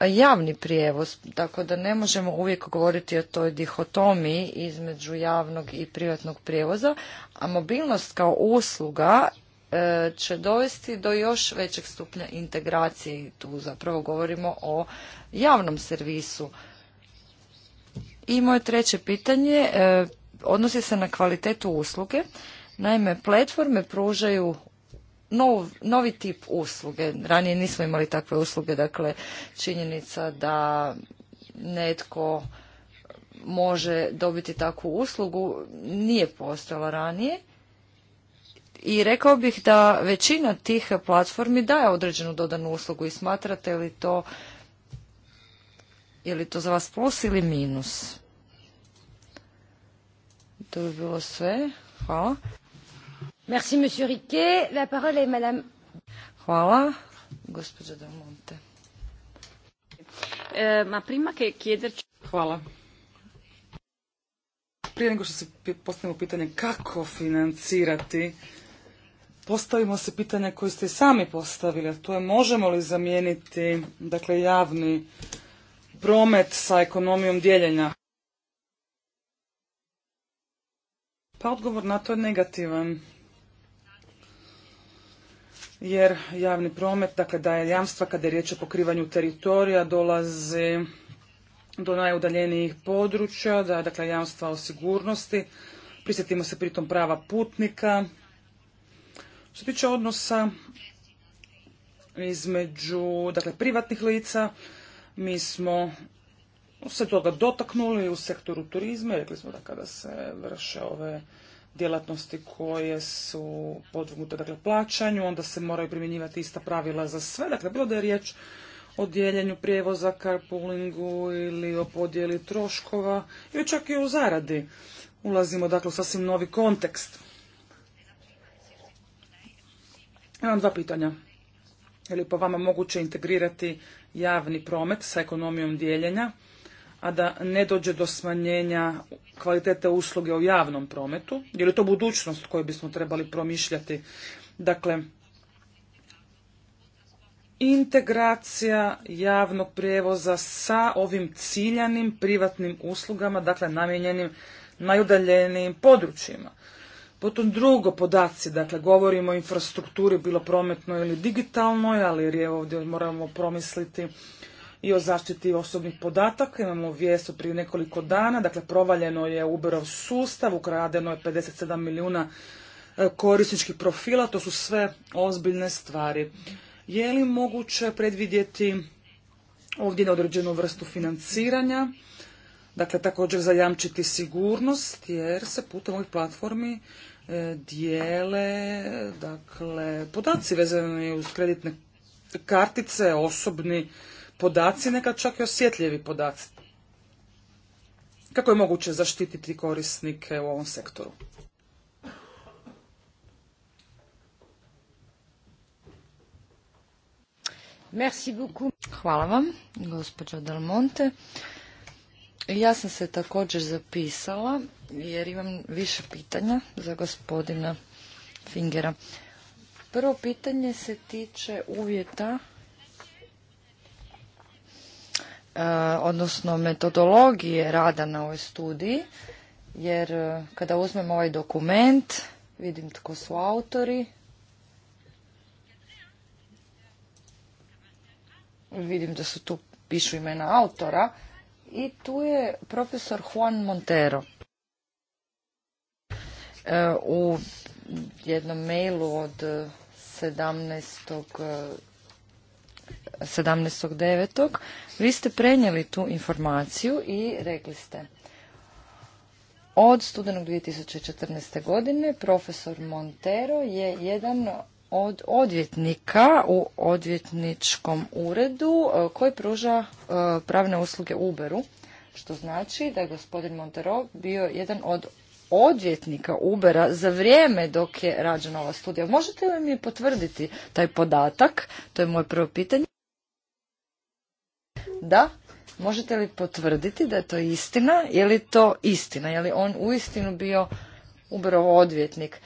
javni prijevoz, tako da ne možemo uvijek govoriti o toj dihotomiji između javnog i privatnog prijevoza, a mobilnost kao usluga e, će dovesti do još većeg stupnja integracije. Tu zapravo govorimo o javnom servisu. I moje treće pitanje e, odnosi se na kvalitetu usluge. Naime, platforme pružaju nov, novi tip usluge. Ranije nismo imali takve usluge, dakle činjenica da netko može dobiti takvu uslugu nije postojala ranije. I rekao bih da većina tih platformi daje određenu dodanu uslugu i smatrate li to je li to za vas plus ili minus? To bi bilo sve. Hvala. Hvala, Ma Hvala. Prije nego što se postavimo pitanje kako financirati, postavimo se pitanje koje ste i sami postavili, a to je možemo li zamijeniti dakle, javni promet sa ekonomijom dijeljenja. Pa odgovor na to je negativan. Jer javni promet, dakle daje jamstva kada je riječ o pokrivanju teritorija, dolaze do najudaljenijih područja, da dakle jamstva o sigurnosti. Prisjetimo se pritom prava putnika. Što se tiče odnosa između dakle, privatnih lica, mi smo se toga dotaknuli u sektoru turizma rekli smo da kada se vrše ove djelatnosti koje su podvrgnute dakle, plaćanju, onda se moraju primjenjivati ista pravila za sve. Dakle, bilo da je riječ o dijeljenju prijevoza, carpoolingu ili o podjeli troškova ili čak i o zaradi. Ulazimo dakle u sasvim novi kontekst. Imam dva pitanja. Je li po vama moguće integrirati javni promet sa ekonomijom dijeljenja? a da ne dođe do smanjenja kvalitete usluge u javnom prometu, jer je to budućnost koju bismo trebali promišljati. Dakle, integracija javnog prijevoza sa ovim ciljanim privatnim uslugama, dakle namijenjenim najudaljenijim područjima. Potom drugo podaci, dakle govorimo o infrastrukturi bilo prometnoj ili digitalnoj, ali je ovdje moramo promisliti i o zaštiti osobnih podataka. Imamo vijest prije nekoliko dana, dakle provaljeno je Uberov sustav, ukradeno je 57 milijuna e, korisničkih profila, to su sve ozbiljne stvari. Je li moguće predvidjeti ovdje na određenu vrstu financiranja, dakle također zajamčiti sigurnost jer se putem ovih platformi e, dijele dakle, podaci vezani uz kreditne kartice, osobni podaci, neka čak i osjetljivi podaci. Kako je moguće zaštititi korisnike u ovom sektoru? Merci beaucoup. Hvala vam, gospođo Del Monte. Ja sam se također zapisala jer imam više pitanja za gospodina Fingera. Prvo pitanje se tiče uvjeta E, odnosno metodologije rada na ovoj studiji, jer e, kada uzmem ovaj dokument, vidim tko su autori, vidim da su tu pišu imena autora i tu je profesor Juan Montero. E, u jednom mailu od 17. 17.9. Vi ste prenijeli tu informaciju i rekli ste od studenog 2014. godine profesor Montero je jedan od odvjetnika u odvjetničkom uredu e, koji pruža e, pravne usluge Uberu, što znači da je gospodin Montero bio jedan od odvjetnika Ubera za vrijeme dok je rađena ova studija. Možete li mi potvrditi taj podatak? To je moje prvo pitanje. Da, možete li potvrditi da je to istina? Je li to istina? Je li on uistinu bio Uberov odvjetnik?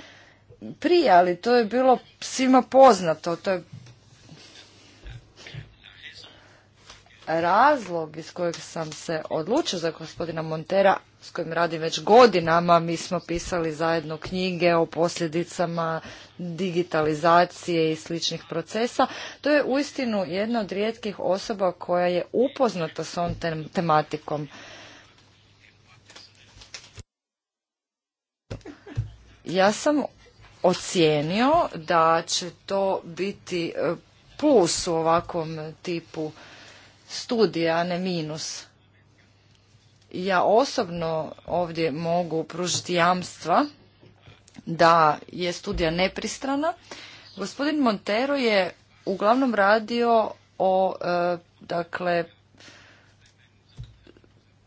Prije, ali to je bilo svima poznato. To je razlog iz kojeg sam se odlučio za gospodina Montera, s kojim radim već godinama, mi smo pisali zajedno knjige o posljedicama digitalizacije i sličnih procesa, to je uistinu jedna od rijetkih osoba koja je upoznata s ovom tematikom. Ja sam ocijenio da će to biti eh, plus u ovakvom tipu studija, a ne minus. Ja osobno ovdje mogu pružiti jamstva da je studija nepristrana. Gospodin Montero je uglavnom radio o e, dakle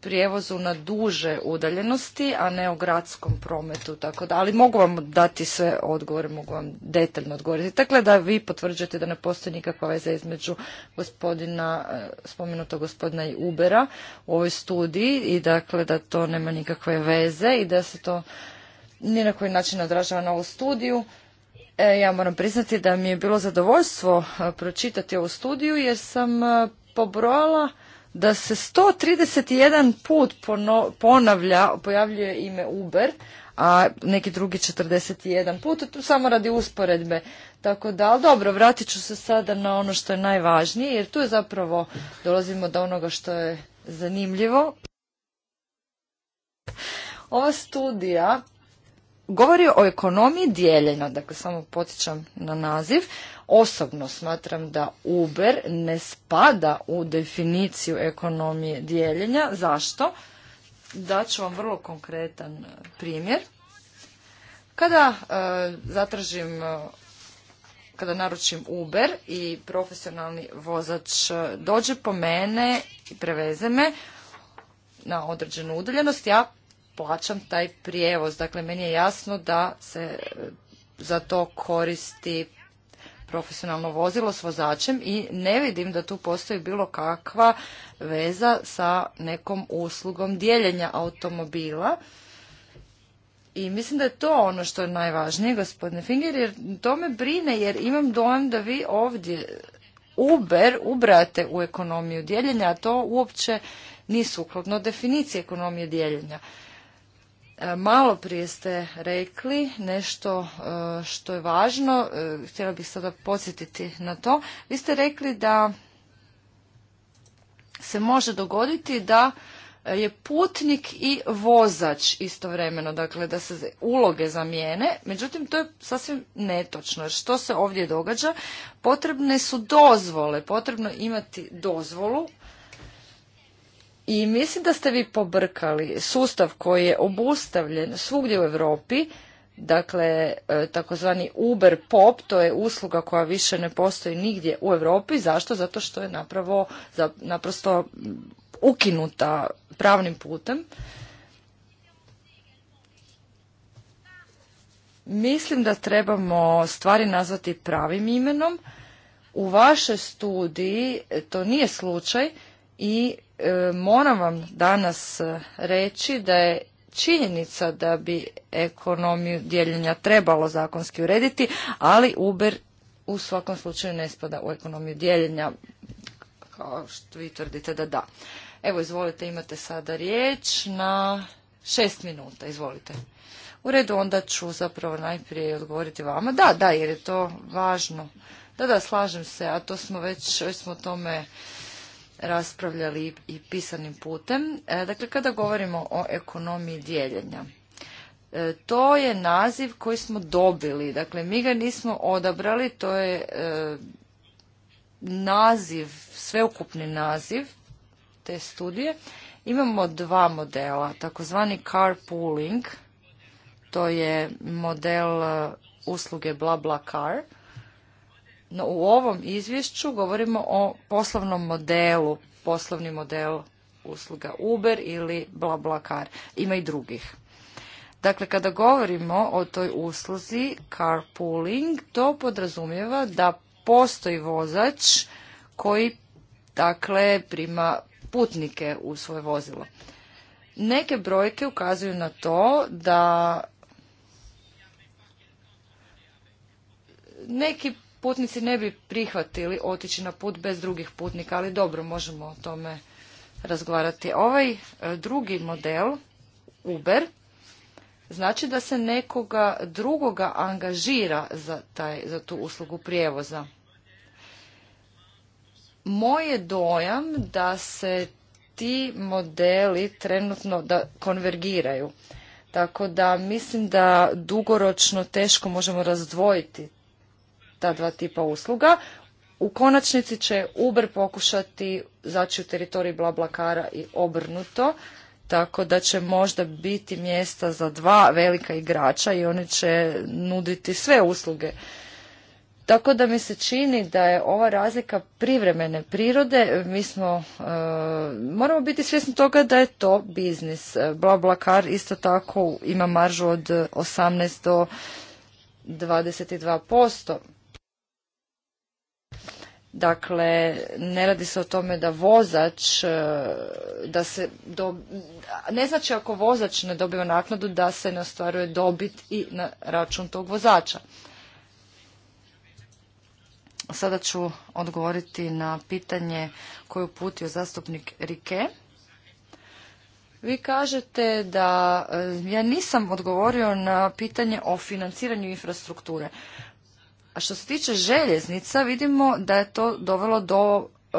prijevozu na duže udaljenosti, a ne o gradskom prometu, tako da, ali mogu vam dati sve odgovore, mogu vam detaljno odgovoriti. Dakle, da vi potvrđujete da ne postoji nikakva veza između gospodina, eh, spomenutog gospodina Ubera u ovoj studiji i dakle da to nema nikakve veze i da se to ni na koji način odražava na ovu studiju. E, ja moram priznati da mi je bilo zadovoljstvo eh, pročitati ovu studiju jer sam eh, pobrojala da se 131 put ponavlja, pojavljuje ime Uber, a neki drugi 41 put, tu samo radi usporedbe. Tako da, ali dobro, vratit ću se sada na ono što je najvažnije, jer tu je zapravo, dolazimo do onoga što je zanimljivo. Ova studija govori o ekonomiji dijeljenja, dakle samo potičam na naziv. Osobno smatram da Uber ne spada u definiciju ekonomije dijeljenja. Zašto? Daću vam vrlo konkretan e, primjer. Kada e, zatražim, e, kada naručim Uber i profesionalni vozač dođe po mene i preveze me na određenu udaljenost, ja plaćam taj prijevoz. Dakle, meni je jasno da se e, za to koristi profesionalno vozilo s vozačem i ne vidim da tu postoji bilo kakva veza sa nekom uslugom dijeljenja automobila. I mislim da je to ono što je najvažnije, gospodine Finger, jer to me brine, jer imam dojam da vi ovdje Uber ubrate u ekonomiju dijeljenja, a to uopće nije sukladno definiciji ekonomije dijeljenja. E, malo prije ste rekli nešto e, što je važno, e, htjela bih sada podsjetiti na to. Vi ste rekli da se može dogoditi da je putnik i vozač istovremeno, dakle da se uloge zamijene, međutim to je sasvim netočno. što se ovdje događa? Potrebne su dozvole, potrebno imati dozvolu i mislim da ste vi pobrkali sustav koji je obustavljen svugdje u Europi, dakle e, takozvani Uber Pop, to je usluga koja više ne postoji nigdje u Europi. Zašto? Zato što je napravo, naprosto ukinuta pravnim putem. Mislim da trebamo stvari nazvati pravim imenom. U vašoj studiji to nije slučaj i E, moram vam danas e, reći da je činjenica da bi ekonomiju dijeljenja trebalo zakonski urediti, ali Uber u svakom slučaju ne spada u ekonomiju dijeljenja, kao što vi tvrdite da da. Evo, izvolite, imate sada riječ na šest minuta, izvolite. U redu, onda ću zapravo najprije odgovoriti vama. Da, da, jer je to važno. Da, da, slažem se, a to smo već, već smo o tome raspravljali i pisanim putem. E, dakle, kada govorimo o ekonomiji dijeljenja, e, to je naziv koji smo dobili. Dakle, mi ga nismo odabrali, to je e, naziv, sveukupni naziv te studije. Imamo dva modela, takozvani carpooling, to je model usluge bla car, no u ovom izvješću govorimo o poslovnom modelu, poslovni model usluga Uber ili BlaBlaCar. Ima i drugih. Dakle, kada govorimo o toj usluzi carpooling, to podrazumijeva da postoji vozač koji dakle prima putnike u svoje vozilo. Neke brojke ukazuju na to da neki putnici ne bi prihvatili otići na put bez drugih putnika, ali dobro, možemo o tome razgovarati. Ovaj e, drugi model, Uber, znači da se nekoga drugoga angažira za, taj, za tu uslugu prijevoza. Moj je dojam da se ti modeli trenutno da konvergiraju. Tako da mislim da dugoročno teško možemo razdvojiti ta dva tipa usluga. U konačnici će Uber pokušati zaći u teritorij Blablakara i obrnuto, tako da će možda biti mjesta za dva velika igrača i oni će nuditi sve usluge. Tako da mi se čini da je ova razlika privremene prirode, mi smo, e, moramo biti svjesni toga da je to biznis. Blablakar isto tako ima maržu od 18 do 22%. Dakle, ne radi se o tome da vozač, e, da se do... ne znači ako vozač ne dobiva naknadu da se ne ostvaruje dobit i na račun tog vozača. Sada ću odgovoriti na pitanje koje je uputio zastupnik Rike. Vi kažete da e, ja nisam odgovorio na pitanje o financiranju infrastrukture. A što se tiče željeznica, vidimo da je to dovelo do e,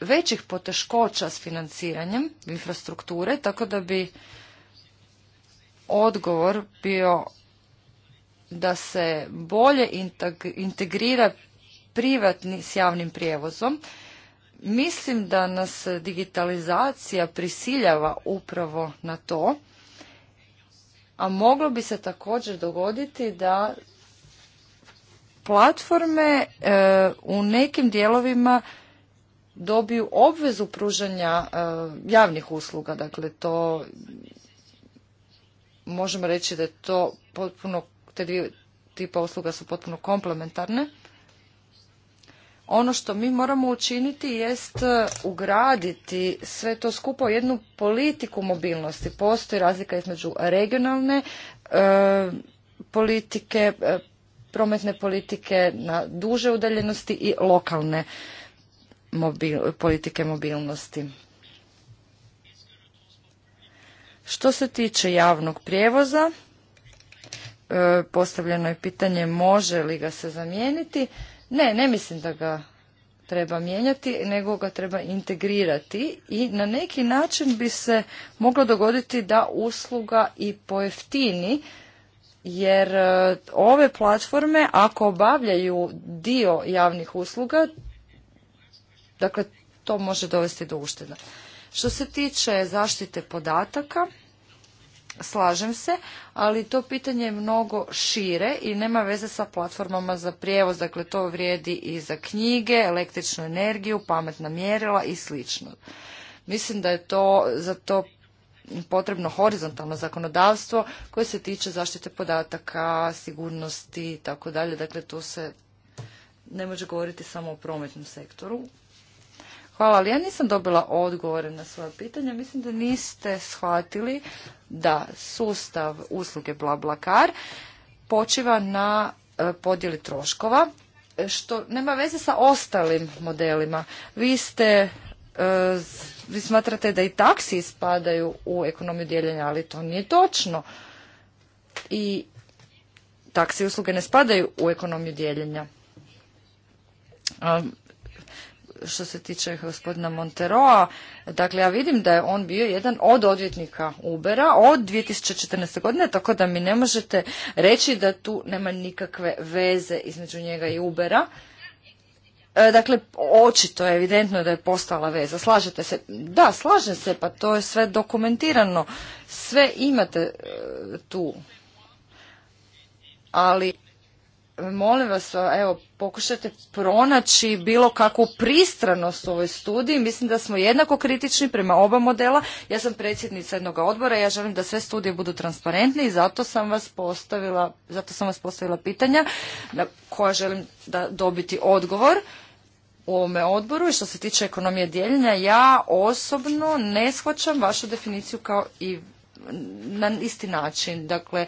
većih poteškoća s financiranjem infrastrukture, tako da bi odgovor bio da se bolje integrira privatni s javnim prijevozom. Mislim da nas digitalizacija prisiljava upravo na to, a moglo bi se također dogoditi da platforme e, u nekim dijelovima dobiju obvezu pružanja e, javnih usluga. Dakle, to možemo reći da je to potpuno, te dvije tipa usluga su potpuno komplementarne. Ono što mi moramo učiniti jest e, ugraditi sve to skupo jednu politiku mobilnosti. Postoji razlika između regionalne politike, prometne politike na duže udaljenosti i lokalne politike mobilnosti. Što se tiče javnog prijevoza, e, postavljeno je pitanje može li ga se zamijeniti. Ne, ne mislim da ga treba mijenjati, nego ga treba integrirati i na neki način bi se moglo dogoditi da usluga i pojeftini jer e, ove platforme ako obavljaju dio javnih usluga, dakle to može dovesti do ušteda. Što se tiče zaštite podataka, slažem se, ali to pitanje je mnogo šire i nema veze sa platformama za prijevoz, dakle to vrijedi i za knjige, električnu energiju, pametna mjerila i slično. Mislim da je to za to potrebno horizontalno zakonodavstvo koje se tiče zaštite podataka, sigurnosti i tako dalje. Dakle, tu se ne može govoriti samo o prometnom sektoru. Hvala, ali ja nisam dobila odgovore na svoja pitanja. Mislim da niste shvatili da sustav usluge BlaBlaCar počiva na e, podjeli troškova, e, što nema veze sa ostalim modelima. Vi ste E, vi smatrate da i taksi spadaju u ekonomiju dijeljenja, ali to nije točno. I taksi usluge ne spadaju u ekonomiju dijeljenja. E, što se tiče gospodina Monteroa, dakle ja vidim da je on bio jedan od odvjetnika Ubera od 2014. godine, tako da mi ne možete reći da tu nema nikakve veze između njega i Ubera. E, dakle, očito je, evidentno je da je postala veza. Slažete se? Da, slažem se, pa to je sve dokumentirano. Sve imate e, tu. Ali, molim vas, evo, pokušajte pronaći bilo kakvu pristranost u ovoj studiji. Mislim da smo jednako kritični prema oba modela. Ja sam predsjednica jednog odbora i ja želim da sve studije budu transparentne i zato sam vas postavila, zato sam vas postavila pitanja na koja želim da dobiti odgovor u ovome odboru i što se tiče ekonomije dijeljenja, ja osobno ne shvaćam vašu definiciju kao i na isti način. Dakle,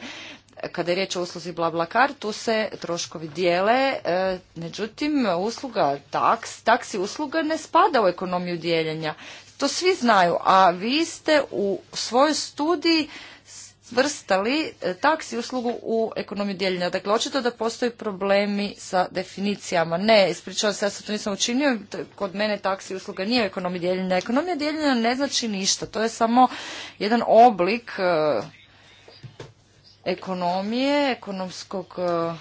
kada je riječ o usluzi BlaBlaCar, tu se troškovi dijele, e, međutim, usluga taks, taksi usluga ne spada u ekonomiju dijeljenja. To svi znaju, a vi ste u svojoj studiji svrstali e, taksi uslugu u ekonomiju dijeljenja. Dakle, očito da postoji problemi sa definicijama. Ne, ispričavam se, ja se to nisam učinio, kod mene taksi usluga nije u ekonomiji dijeljenja. Ekonomija dijeljenja ne znači ništa, to je samo jedan oblik e, ekonomije, ekonomskog e,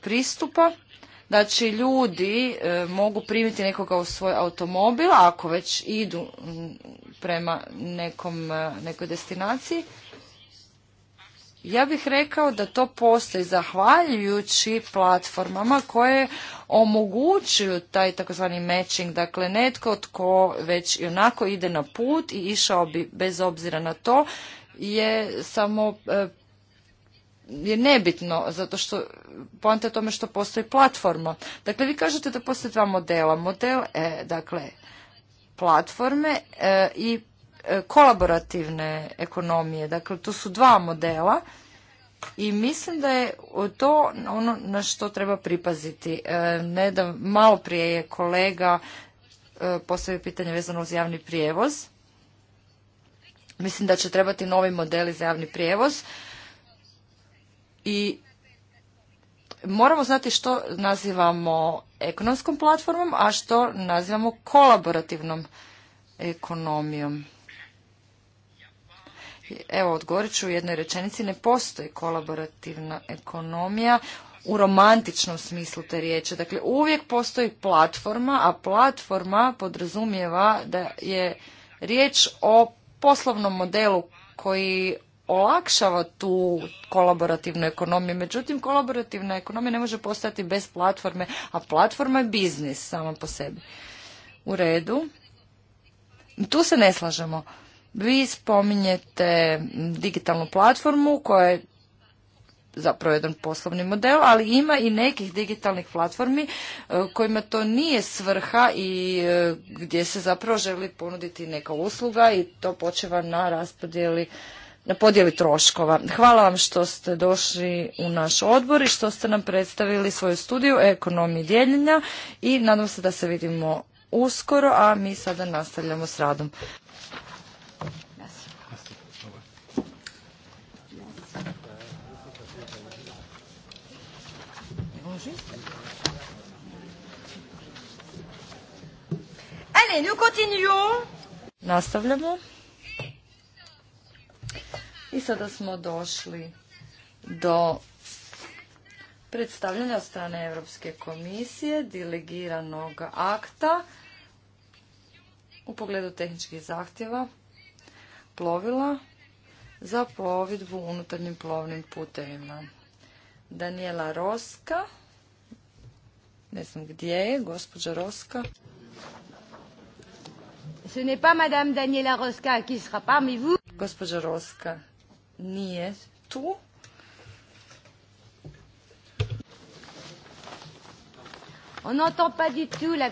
pristupa Znači ljudi e, mogu primiti nekoga u svoj automobil ako već idu prema nekom, e, nekoj destinaciji. Ja bih rekao da to postoji zahvaljujući platformama koje omogućuju taj takozvani matching. Dakle, netko tko već i onako ide na put i išao bi bez obzira na to je samo e, je nebitno, zato što poanta o tome što postoji platforma. Dakle, vi kažete da postoje dva modela. Model, e, dakle, platforme e, i e, kolaborativne ekonomije. Dakle, to su dva modela i mislim da je to ono na što treba pripaziti. E, ne malo prije je kolega postavio pitanje vezano uz javni prijevoz. Mislim da će trebati novi modeli za javni prijevoz i moramo znati što nazivamo ekonomskom platformom, a što nazivamo kolaborativnom ekonomijom. Evo, odgovorit ću u jednoj rečenici, ne postoji kolaborativna ekonomija u romantičnom smislu te riječi. Dakle, uvijek postoji platforma, a platforma podrazumijeva da je riječ o poslovnom modelu koji olakšava tu kolaborativnu ekonomiju. Međutim, kolaborativna ekonomija ne može postati bez platforme, a platforma je biznis sama po sebi. U redu. Tu se ne slažemo. Vi spominjete digitalnu platformu koja je zapravo jedan poslovni model, ali ima i nekih digitalnih platformi e, kojima to nije svrha i e, gdje se zapravo želi ponuditi neka usluga i to počeva na raspodjeli na podjeli troškova. Hvala vam što ste došli u naš odbor i što ste nam predstavili svoju studiju o ekonomiji dijeljenja i nadam se da se vidimo uskoro, a mi sada nastavljamo s radom. Allez, nous continuons. Nastavljamo. I sada smo došli do predstavljanja od strane Europske komisije delegiranog akta u pogledu tehničkih zahtjeva plovila za plovidbu unutarnjim plovnim putevima. Daniela Roska, ne znam gdje je, gospođa Roska. Ce n'est pas madame Daniela Roska qui sera parmi vous. Gospođa Roska nije tu. On n'entend pas du tout la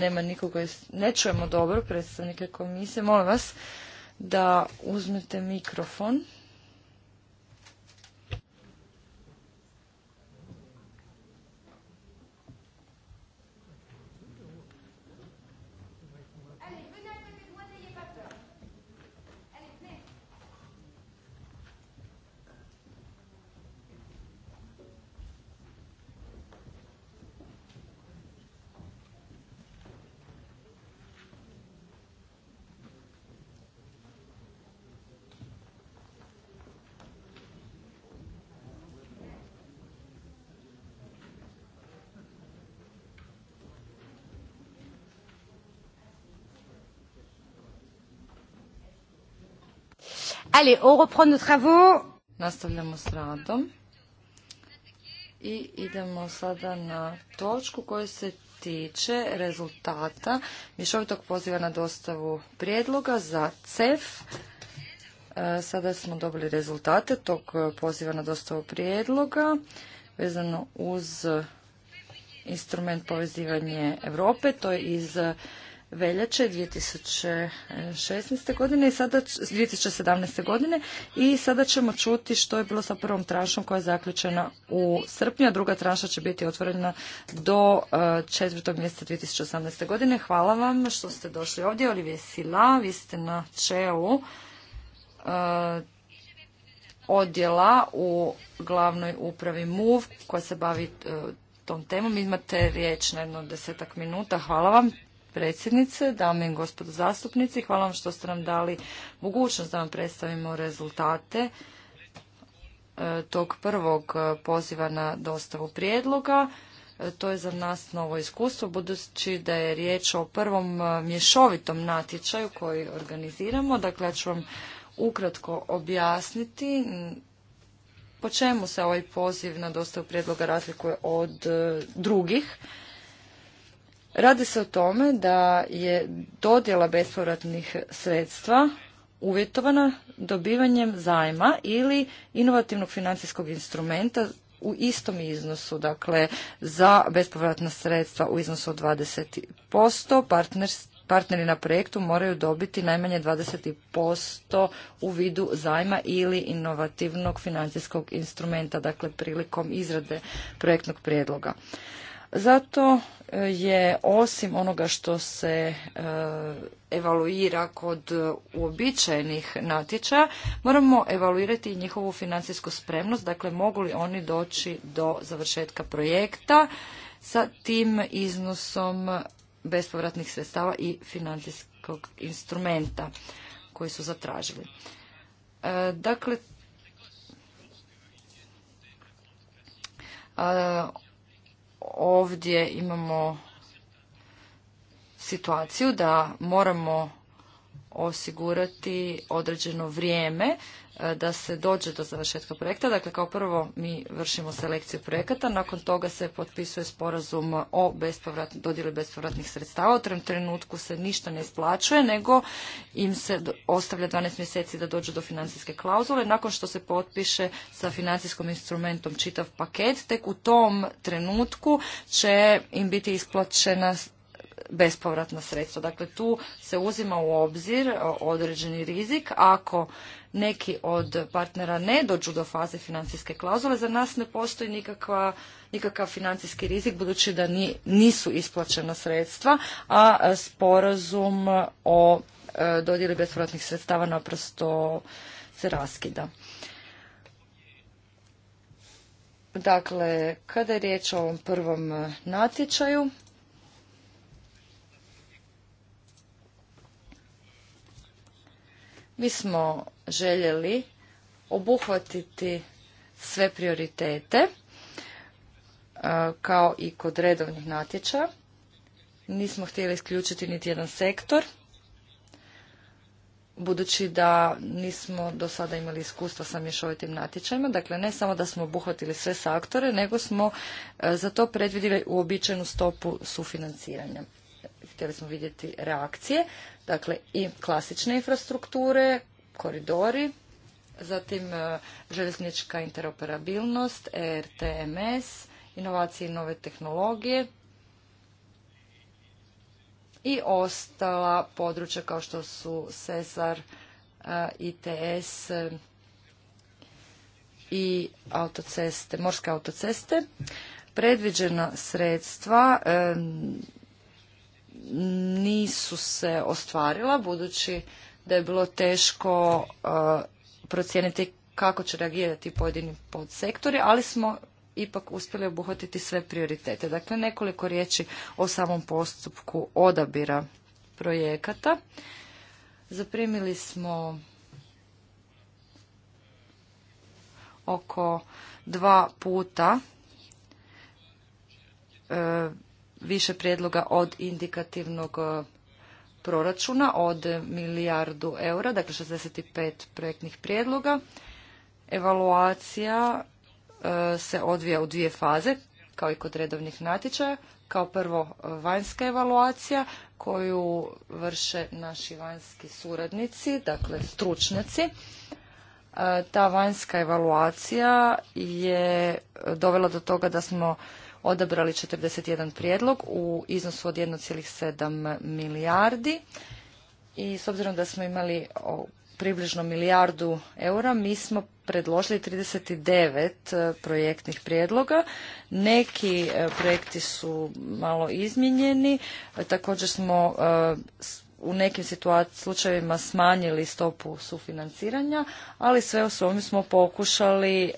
Nema nikoga, ne čujemo dobro predstavnike komisije. Molim vas da uzmete mikrofon. Allez, on reprend nos travaux. Nastavljamo s radom. I idemo sada na točku koja se tiče rezultata mišovitog poziva na dostavu prijedloga za CEF. E, sada smo dobili rezultate tog poziva na dostavu prijedloga vezano uz instrument povezivanje Europe. To je iz veljače 2016. godine i sada 2017. godine i sada ćemo čuti što je bilo sa prvom tranšom koja je zaključena u srpnju, a druga tranša će biti otvorena do e, četvrtog mjeseca 2018. godine. Hvala vam što ste došli ovdje. Olivije Sila, vi ste na čelu e, odjela u glavnoj upravi MUV koja se bavi e, tom temom. Imate riječ na jedno desetak minuta. Hvala vam predsjednice, dame i gospodo zastupnici. Hvala vam što ste nam dali mogućnost da vam predstavimo rezultate e, tog prvog e, poziva na dostavu prijedloga. E, to je za nas novo iskustvo, budući da je riječ o prvom mješovitom natječaju koji organiziramo. Dakle, ja ću vam ukratko objasniti po čemu se ovaj poziv na dostavu prijedloga razlikuje od drugih Radi se o tome da je dodjela bespovratnih sredstva uvjetovana dobivanjem zajma ili inovativnog financijskog instrumenta u istom iznosu, dakle za bespovratna sredstva u iznosu od 20%, partners, partneri na projektu moraju dobiti najmanje 20% u vidu zajma ili inovativnog financijskog instrumenta, dakle prilikom izrade projektnog prijedloga. Zato e, je osim onoga što se e, evaluira kod uobičajenih natječaja, moramo evaluirati i njihovu financijsku spremnost, dakle mogu li oni doći do završetka projekta sa tim iznosom bespovratnih sredstava i financijskog instrumenta koji su zatražili. E, dakle, ovdje imamo situaciju da moramo osigurati određeno vrijeme E, da se dođe do završetka projekta. Dakle, kao prvo mi vršimo selekciju projekata, nakon toga se potpisuje sporazum o dodjeli bespovratnih sredstava. U trenutku se ništa ne isplaćuje, nego im se ostavlja 12 mjeseci da dođu do financijske klauzule. Nakon što se potpiše sa financijskom instrumentom čitav paket, tek u tom trenutku će im biti isplaćena bespovratna sredstva. Dakle, tu se uzima u obzir e, određeni rizik. Ako neki od partnera ne dođu do faze financijske klauzule, za nas ne postoji nikakva, nikakav financijski rizik budući da ni, nisu isplaćena sredstva, a e, sporazum o e, dodjeli bespovratnih sredstava naprosto se raskida. Dakle, kada je riječ o ovom prvom natječaju, Mi smo željeli obuhvatiti sve prioritete e, kao i kod redovnih natječaja. Nismo htjeli isključiti niti jedan sektor, budući da nismo do sada imali iskustva sa mješovitim natječajima. Dakle, ne samo da smo obuhvatili sve sektore, nego smo e, za to predvidjeli uobičajenu stopu sufinanciranja htjeli smo vidjeti reakcije, dakle i klasične infrastrukture, koridori, zatim e, željeznička interoperabilnost, ERTMS, inovacije i nove tehnologije i ostala područja kao što su Cesar, e, ITS e, i autoceste, morske autoceste. Predviđena sredstva nisu se ostvarila budući da je bilo teško uh, procijeniti kako će reagirati pojedini podsektori, ali smo ipak uspjeli obuhvatiti sve prioritete. Dakle, nekoliko riječi o samom postupku odabira projekata. Zaprimili smo oko dva puta uh, više prijedloga od indikativnog e, proračuna od milijardu eura, dakle 65 projektnih prijedloga. Evaluacija e, se odvija u dvije faze, kao i kod redovnih natječaja. Kao prvo vanjska evaluacija koju vrše naši vanjski suradnici, dakle stručnjaci. E, ta vanjska evaluacija je dovela do toga da smo odabrali 41 prijedlog u iznosu od 1,7 milijardi i s obzirom da smo imali približno milijardu eura, mi smo predložili 39 e, projektnih prijedloga. Neki e, projekti su malo izmijenjeni, e, također smo u nekim slučajevima smanjili stopu sufinanciranja, ali sve u svome smo pokušali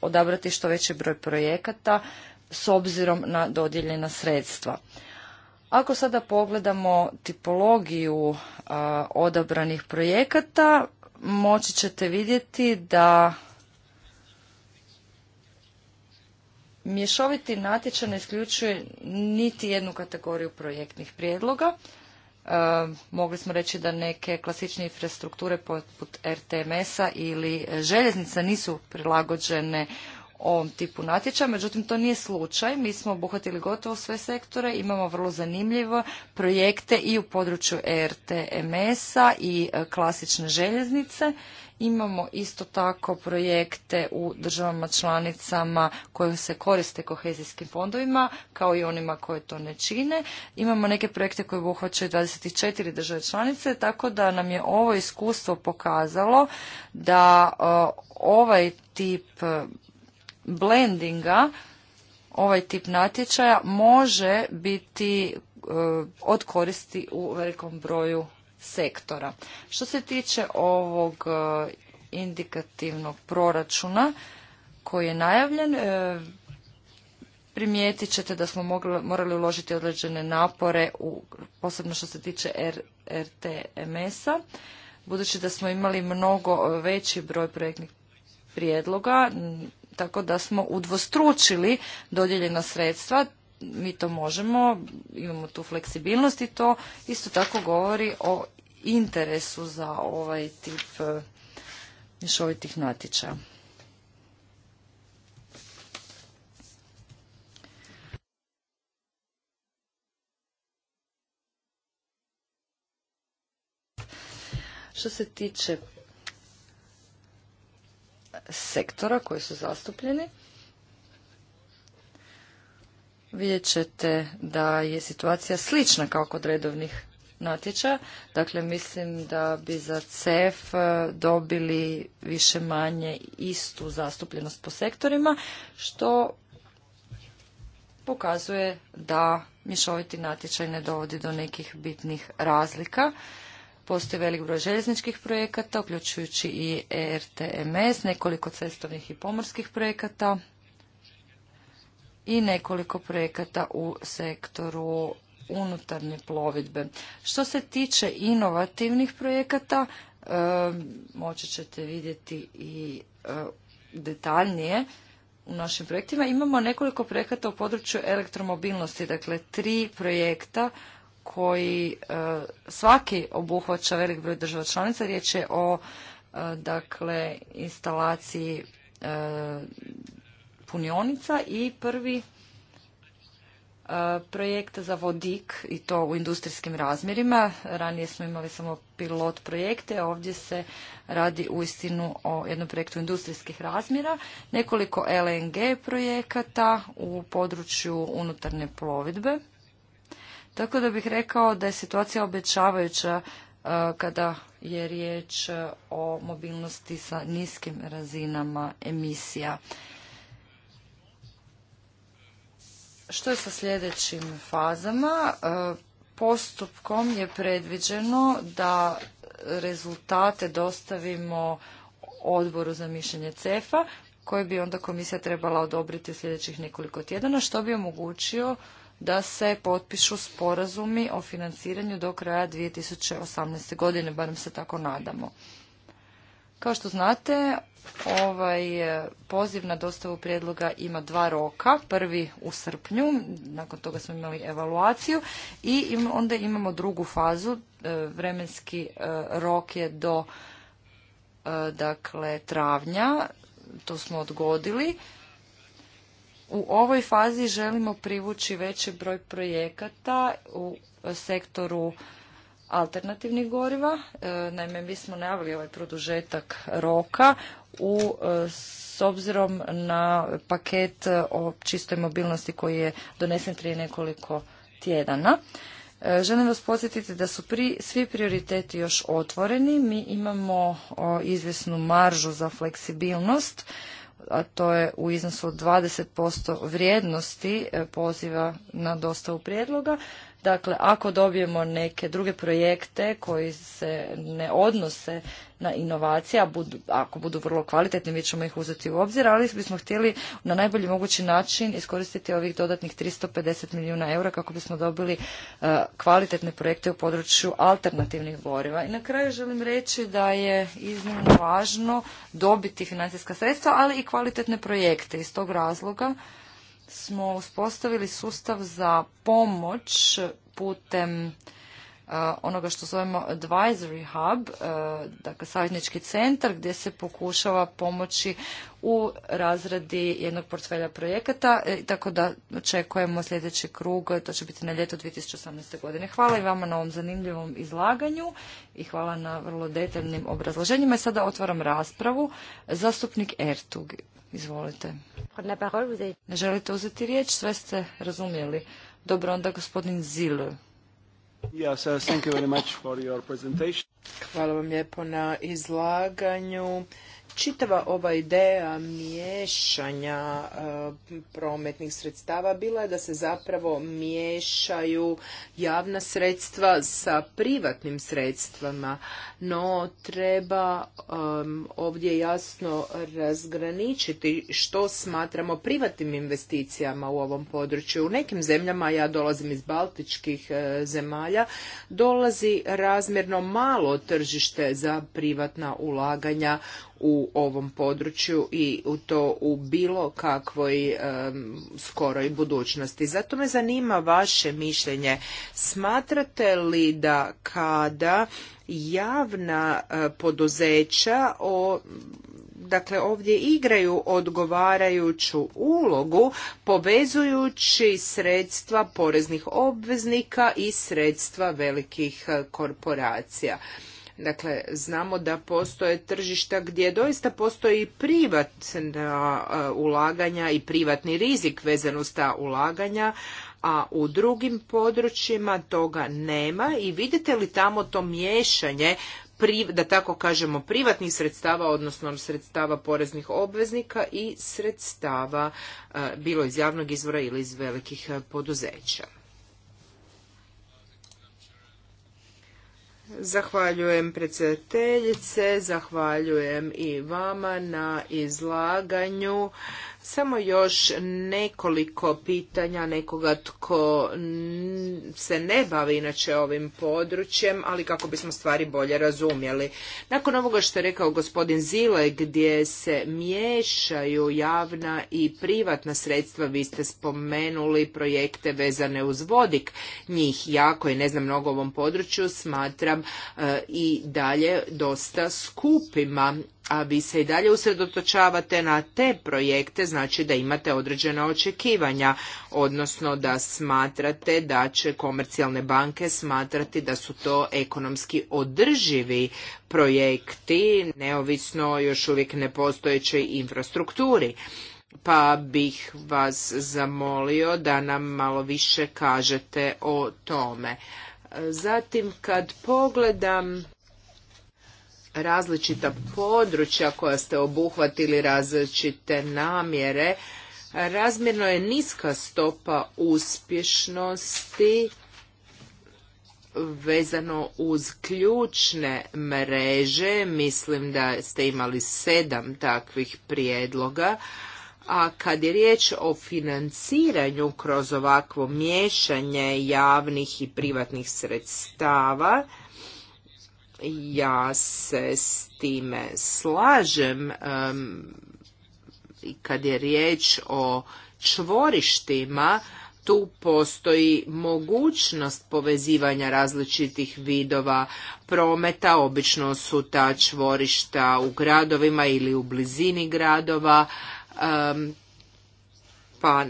odabrati što veći broj projekata s obzirom na dodijeljena sredstva. Ako sada pogledamo tipologiju odabranih projekata, moći ćete vidjeti da mješoviti natječaj ne isključuje niti jednu kategoriju projektnih prijedloga. mogli smo reći da neke klasične infrastrukture poput RTMS-a ili željeznica nisu prilagođene ovom tipu natječaja, međutim to nije slučaj. Mi smo obuhvatili gotovo sve sektore, imamo vrlo zanimljivo projekte i u području rtms a i e, klasične željeznice. Imamo isto tako projekte u državama članicama koje se koriste kohezijskim fondovima, kao i onima koje to ne čine. Imamo neke projekte koje obuhvaćaju 24 države članice, tako da nam je ovo iskustvo pokazalo da e, ovaj tip blendinga ovaj tip natječaja može biti e, od koristi u velikom broju sektora. Što se tiče ovog e, indikativnog proračuna koji je najavljen, e, primijetit ćete da smo morali uložiti određene napore, u, posebno što se tiče RTMS-a, budući da smo imali mnogo veći broj projektnih prijedloga tako da smo udvostručili dodijeljena sredstva, mi to možemo, imamo tu fleksibilnost i to isto tako govori o interesu za ovaj tip e, mješovitih natječaja. Što se tiče sektora koji su zastupljeni. Vidjet ćete da je situacija slična kao kod redovnih natječaja. Dakle, mislim da bi za CEF e, dobili više manje istu zastupljenost po sektorima, što pokazuje da mješoviti natječaj ne dovodi do nekih bitnih razlika. Postoji velik broj željezničkih projekata, uključujući i ERTMS, nekoliko cestovnih i pomorskih projekata i nekoliko projekata u sektoru unutarnje plovidbe. Što se tiče inovativnih projekata, e, moći ćete vidjeti i e, detaljnije u našim projektima. Imamo nekoliko projekata u području elektromobilnosti, dakle tri projekta koji e, svaki obuhvaća velik broj država članica. Riječ je o e, dakle instalaciji e, punionica i prvi projekt za vodik i to u industrijskim razmjerima. Ranije smo imali samo pilot projekte, ovdje se radi uistinu o jednom projektu industrijskih razmjera, nekoliko LNG projekata u području unutarnje plovidbe tako da bih rekao da je situacija obećavajuća e, kada je riječ e, o mobilnosti sa niskim razinama emisija. Što je sa sljedećim fazama? E, postupkom je predviđeno da rezultate dostavimo odboru za mišljenje CEFA, koje bi onda komisija trebala odobriti u sljedećih nekoliko tjedana, što bi omogućio da se potpišu sporazumi o financiranju do kraja 2018. godine, barem se tako nadamo. Kao što znate, ovaj e, poziv na dostavu prijedloga ima dva roka. Prvi u srpnju, nakon toga smo imali evaluaciju i onda imamo drugu fazu. E, vremenski e, rok je do dakle, travnja, to smo odgodili u ovoj fazi želimo privući veći broj projekata u sektoru alternativnih goriva. E, naime, mi smo najavili ovaj produžetak roka u e, s obzirom na paket o čistoj mobilnosti koji je donesen prije nekoliko tjedana. E, želim vas podsjetiti da su svi prioriteti još otvoreni. Mi imamo izvjesnu maržu za fleksibilnost a to je u iznosu od 20% vrijednosti e, poziva na dostavu prijedloga, Dakle, ako dobijemo neke druge projekte koji se ne odnose na inovacije, ako budu vrlo kvalitetni, mi ćemo ih uzeti u obzir, ali bismo htjeli na najbolji mogući način iskoristiti ovih dodatnih 350 milijuna eura kako bismo dobili e, kvalitetne projekte u području alternativnih goriva. I na kraju želim reći da je iznimno važno dobiti financijska sredstva, ali i kvalitetne projekte. Iz tog razloga smo uspostavili sustav za pomoć putem e, onoga što zovemo advisory hub, e, dakle savjetnički centar gdje se pokušava pomoći u razradi jednog portfelja projekata, e, tako da očekujemo sljedeći krug, to će biti na ljeto 2018. godine. Hvala i vama na ovom zanimljivom izlaganju i hvala na vrlo detaljnim obrazloženjima. I sada otvaram raspravu. Zastupnik Ertug Izvolite. Ne želite uzeti riječ, sve ste razumjeli. Dobro, onda gospodin Zilu. Uh, Hvala vam lijepo na izlaganju čitava ova ideja miješanja e, prometnih sredstava bila je da se zapravo miješaju javna sredstva sa privatnim sredstvima, no treba ovdje jasno razgraničiti što smatramo privatnim investicijama u ovom području. U nekim zemljama, ja dolazim iz baltičkih e, zemalja, dolazi razmjerno malo tržište za privatna ulaganja u ovom području i u to u bilo kakvoj skoroj budućnosti. Zato me zanima vaše mišljenje. Smatrate li da kada javna e, poduzeća dakle ovdje igraju odgovarajuću ulogu povezujući sredstva poreznih obveznika i sredstva velikih e, korporacija. Dakle, znamo da postoje tržišta gdje doista postoji privatna uh, ulaganja i privatni rizik vezan uz ta ulaganja, a u drugim područjima toga nema i vidite li tamo to miješanje da tako kažemo privatnih sredstava odnosno sredstava poreznih obveznika i sredstava uh, bilo iz javnog izvora ili iz velikih uh, poduzeća Zahvaljujem predsjedateljice, zahvaljujem i vama na izlaganju. Samo još nekoliko pitanja nekoga tko se ne bavi inače ovim područjem, ali kako bismo stvari bolje razumjeli. Nakon ovoga što je rekao gospodin Zile, gdje se miješaju javna i privatna sredstva, vi ste spomenuli projekte vezane uz vodik. Njih jako i ne znam mnogo o ovom području, smatram e, i dalje dosta skupima a vi se i dalje usredotočavate na te projekte, znači da imate određena očekivanja, odnosno da smatrate da će komercijalne banke smatrati da su to ekonomski održivi projekti, neovisno još uvijek nepostojećoj infrastrukturi pa bih vas zamolio da nam malo više kažete o tome. Zatim kad pogledam različita područja koja ste obuhvatili, različite namjere, razmjerno je niska stopa uspješnosti vezano uz ključne mreže. Mislim da ste imali sedam takvih prijedloga. A kad je riječ o financiranju kroz ovakvo miješanje javnih i privatnih sredstava, ja se s time slažem i kad je riječ o čvorištima, tu postoji mogućnost povezivanja različitih vidova prometa, obično su ta čvorišta u gradovima ili u blizini gradova, pa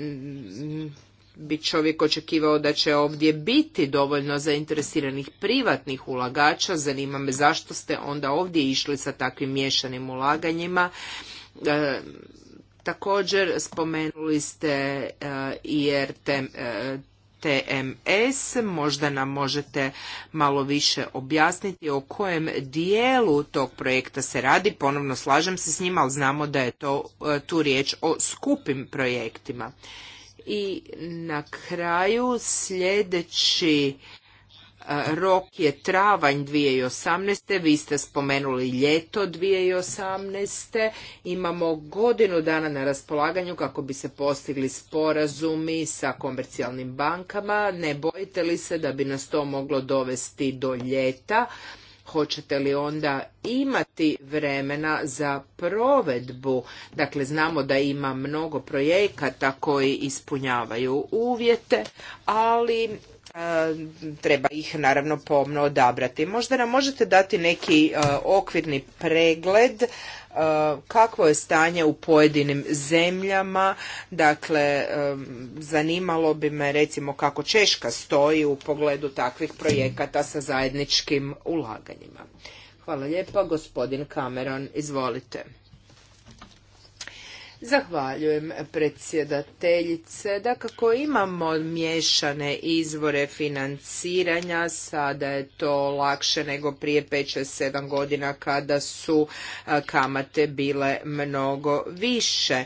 bi čovjek očekivao da će ovdje biti dovoljno zainteresiranih privatnih ulagača. Zanima me zašto ste onda ovdje išli sa takvim miješanim ulaganjima. E, također spomenuli ste e, TMS. Možda nam možete malo više objasniti o kojem dijelu tog projekta se radi. Ponovno slažem se s njima, ali znamo da je to, e, tu riječ o skupim projektima. I na kraju sljedeći rok je travanj 2018. Vi ste spomenuli ljeto 2018. Imamo godinu dana na raspolaganju kako bi se postigli sporazumi sa komercijalnim bankama. Ne bojite li se da bi nas to moglo dovesti do ljeta? hoćete li onda imati vremena za provedbu? Dakle, znamo da ima mnogo projekata koji ispunjavaju uvjete, ali treba ih naravno pomno odabrati. Možda nam možete dati neki okvirni pregled kakvo je stanje u pojedinim zemljama, dakle zanimalo bi me recimo kako Češka stoji u pogledu takvih projekata sa zajedničkim ulaganjima. Hvala lijepa, gospodin Cameron, izvolite. Zahvaljujem predsjedateljice. Dakako imamo miješane izvore financiranja, sada je to lakše nego prije 5-7 godina kada su kamate bile mnogo više.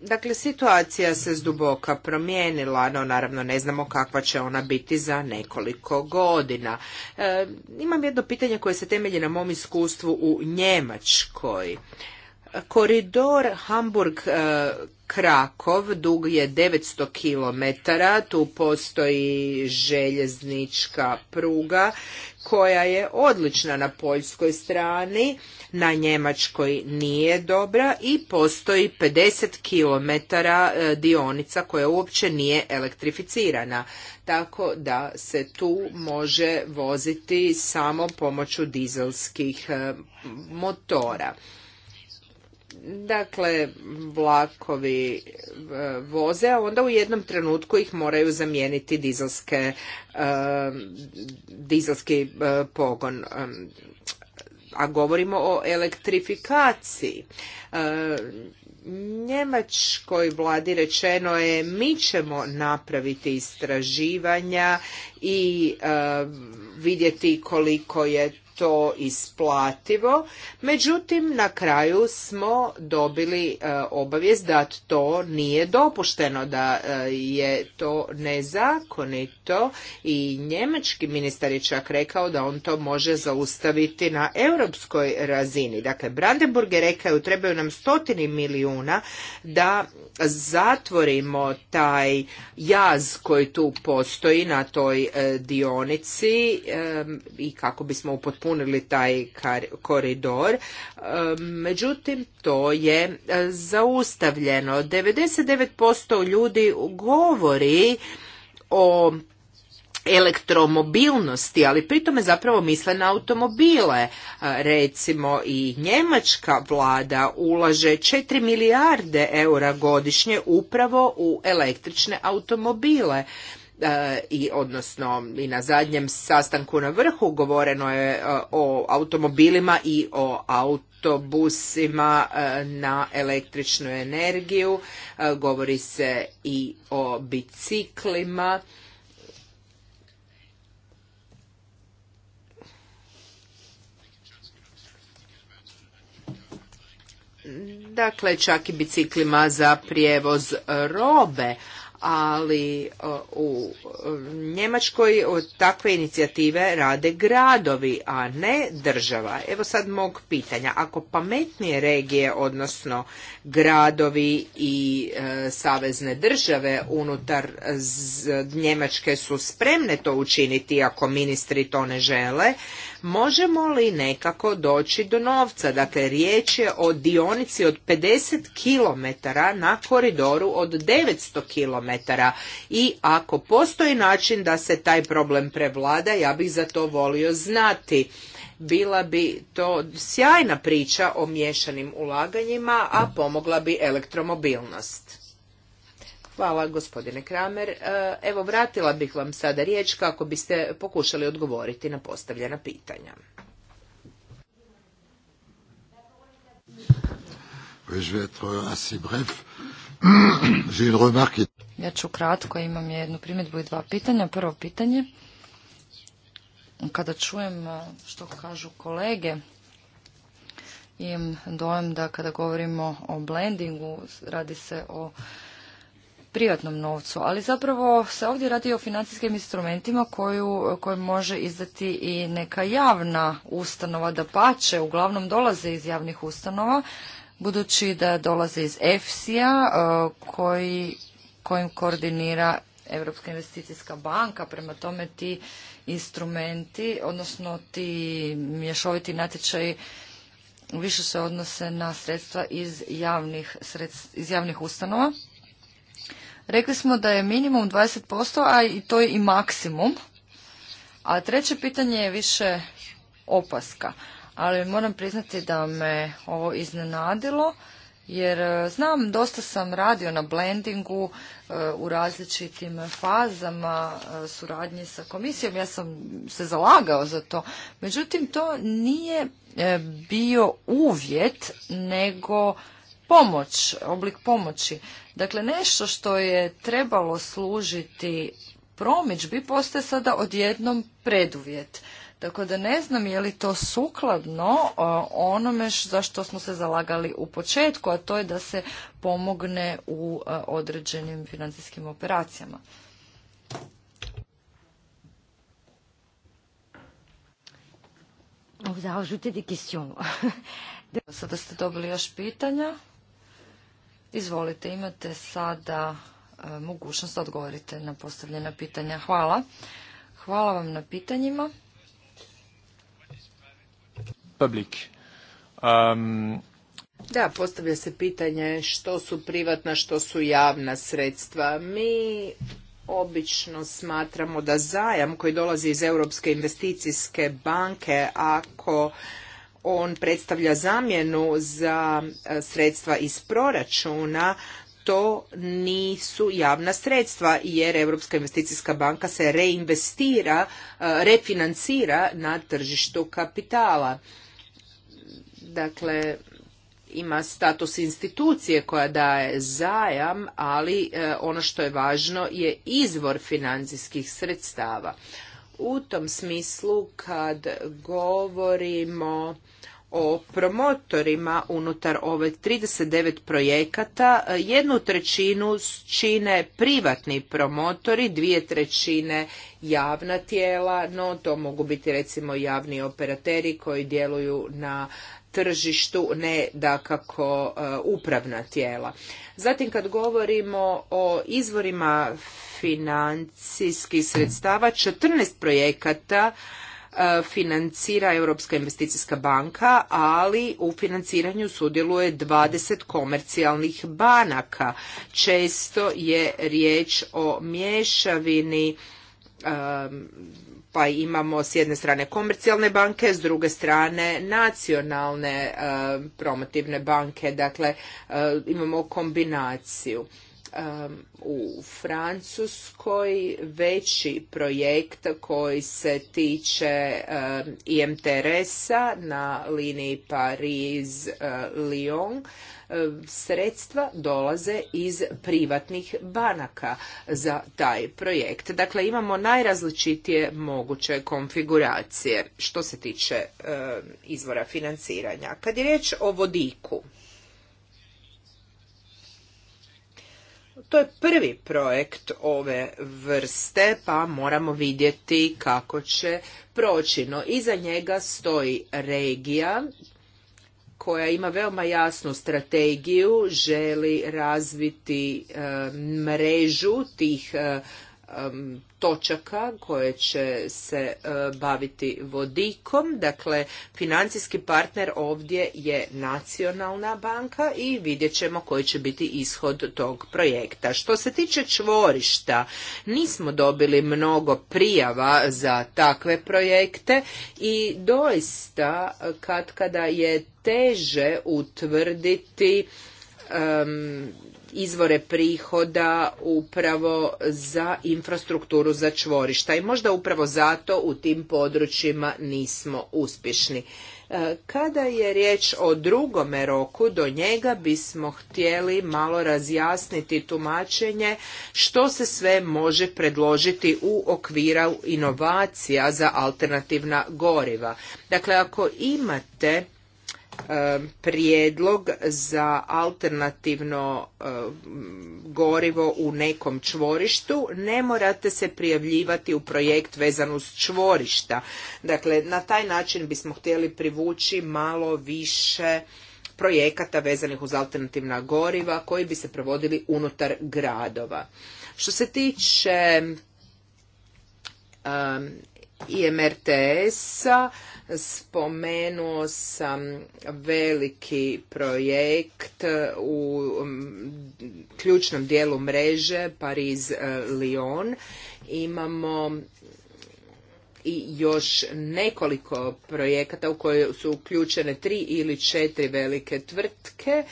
Dakle, situacija se zduboka promijenila, no naravno ne znamo kakva će ona biti za nekoliko godina. E, imam jedno pitanje koje se temelji na mom iskustvu u Njemačkoj. Koridor Hamburg-Krakov eh, dug je 900 km, tu postoji željeznička pruga koja je odlična na poljskoj strani, na njemačkoj nije dobra i postoji 50 km eh, dionica koja uopće nije elektrificirana, tako da se tu može voziti samo pomoću dizelskih eh, motora. Dakle, vlakovi e, voze, a onda u jednom trenutku ih moraju zamijeniti dizelske, e, dizelski e, pogon a govorimo o elektrifikaciji. Njemačkoj vladi rečeno je mi ćemo napraviti istraživanja i vidjeti koliko je to isplativo, međutim na kraju smo dobili e, obavijest da to nije dopušteno, da e, je to nezakonito i njemački ministar je čak rekao da on to može zaustaviti na europskoj razini. Dakle, Brandenburg je rekao trebaju nam stotini milijuna da zatvorimo taj jaz koji tu postoji na toj e, dionici i kako bismo upotpunili ispunili taj koridor. E, međutim, to je e, zaustavljeno. 99% ljudi govori o elektromobilnosti, ali pritome zapravo misle na automobile. E, recimo i njemačka vlada ulaže 4 milijarde eura godišnje upravo u električne automobile. E, i odnosno i na zadnjem sastanku na vrhu govoreno je e, o automobilima i o autobusima e, na električnu energiju, govori se i o biciklima. Dakle, čak i biciklima za prijevoz robe ali u Njemačkoj takve inicijative rade gradovi, a ne država. Evo sad mog pitanja. Ako pametnije regije, odnosno gradovi i e, savezne države unutar Njemačke su spremne to učiniti, ako ministri to ne žele, Možemo li nekako doći do novca? Dakle, riječ je o dionici od 50 km na koridoru od 900 km i ako postoji način da se taj problem prevlada, ja bih za to volio znati bila bi to sjajna priča o miješanim ulaganjima, a pomogla bi elektromobilnost. Hvala gospodine Kramer. E, evo vratila bih vam sada riječ kako biste pokušali odgovoriti na postavljena pitanja. *clears throat* Ja ću kratko, imam jednu primjedbu i dva pitanja. Prvo pitanje, kada čujem e, što kažu kolege, imam dojem da kada govorimo o blendingu, radi se o privatnom novcu, ali zapravo se ovdje radi o financijskim instrumentima koju, koje može izdati i neka javna ustanova da pače, uglavnom dolaze iz javnih ustanova, budući da dolaze iz EFSI-a e, koji, kojim koordinira Europska investicijska banka, prema tome ti instrumenti, odnosno ti mješoviti natječaji više se odnose na sredstva iz javnih, sredstva, iz javnih ustanova Rekli smo da je minimum 20%, a i to je i maksimum. A treće pitanje je više opaska. Ali moram priznati da me ovo iznenadilo, jer e, znam, dosta sam radio na blendingu e, u različitim fazama e, suradnje sa komisijom. Ja sam se zalagao za to. Međutim, to nije bio uvjet, nego pomoć, oblik pomoći. Dakle, nešto što je trebalo služiti promičbi postaje sada odjednom preduvjet. Tako da ne znam je li to sukladno e, onome za što smo se zalagali u početku, a to je da se pomogne u e, određenim financijskim operacijama. Sada ste dobili još pitanja. Izvolite, imate sada e, mogućnost da odgovorite na postavljena pitanja. Hvala. Hvala vam na pitanjima. Public. Um, da, postavlja se pitanje što su privatna, što su javna sredstva. Mi obično smatramo da zajam koji dolazi iz Europske investicijske banke, ako on predstavlja zamjenu za e, sredstva iz proračuna, to nisu javna sredstva jer Europska investicijska banka se reinvestira, e, refinancira na tržištu kapitala. Dakle, ima status institucije koja daje zajam, ali e, ono što je važno je izvor financijskih sredstava. U tom smislu kad govorimo o promotorima unutar ove 39 projekata. Jednu trećinu čine privatni promotori, dvije trećine javna tijela, no to mogu biti recimo javni operateri koji djeluju na tržištu, ne dakako e, upravna tijela. Zatim kad govorimo o izvorima financijskih sredstava, 14 projekata E, financira Europska investicijska banka, ali u financiranju sudjeluje 20 komercijalnih banaka. Često je riječ o mješavini e, pa imamo s jedne strane komercijalne banke, s druge strane nacionalne e, promotivne banke, dakle imamo kombinaciju u Francuskoj veći projekt koji se tiče um, IMTRS-a na liniji Pariz-Lyon. sredstva dolaze iz privatnih banaka za taj projekt. Dakle, imamo najrazličitije moguće konfiguracije što se tiče izvora financiranja. Kad je riječ o vodiku, To je prvi projekt ove vrste, pa moramo vidjeti kako će proći. No, iza njega stoji regija koja ima veoma jasnu strategiju, želi razviti e, mrežu tih e, točaka koje će se e, baviti vodikom. Dakle, financijski partner ovdje je nacionalna banka i vidjet ćemo koji će biti ishod tog projekta. Što se tiče čvorišta, nismo dobili mnogo prijava za takve projekte i doista kad kada je teže utvrditi izvore prihoda upravo za infrastrukturu za čvorišta i možda upravo zato u tim područjima nismo uspješni. E, kada je riječ o drugome roku, do njega bismo htjeli malo razjasniti tumačenje što se sve može predložiti u okviru inovacija za alternativna goriva. Dakle, ako imate Um, prijedlog za alternativno um, gorivo u nekom čvorištu, ne morate se prijavljivati u projekt vezan uz čvorišta. Dakle, na taj način bismo htjeli privući malo više projekata vezanih uz alternativna goriva koji bi se provodili unutar gradova. Što se tiče um, IMRTS-a, spomenuo sam veliki projekt u ključnom dijelu mreže Pariz-Lyon. Imamo i još nekoliko projekata u koje su uključene tri ili četiri velike tvrtke,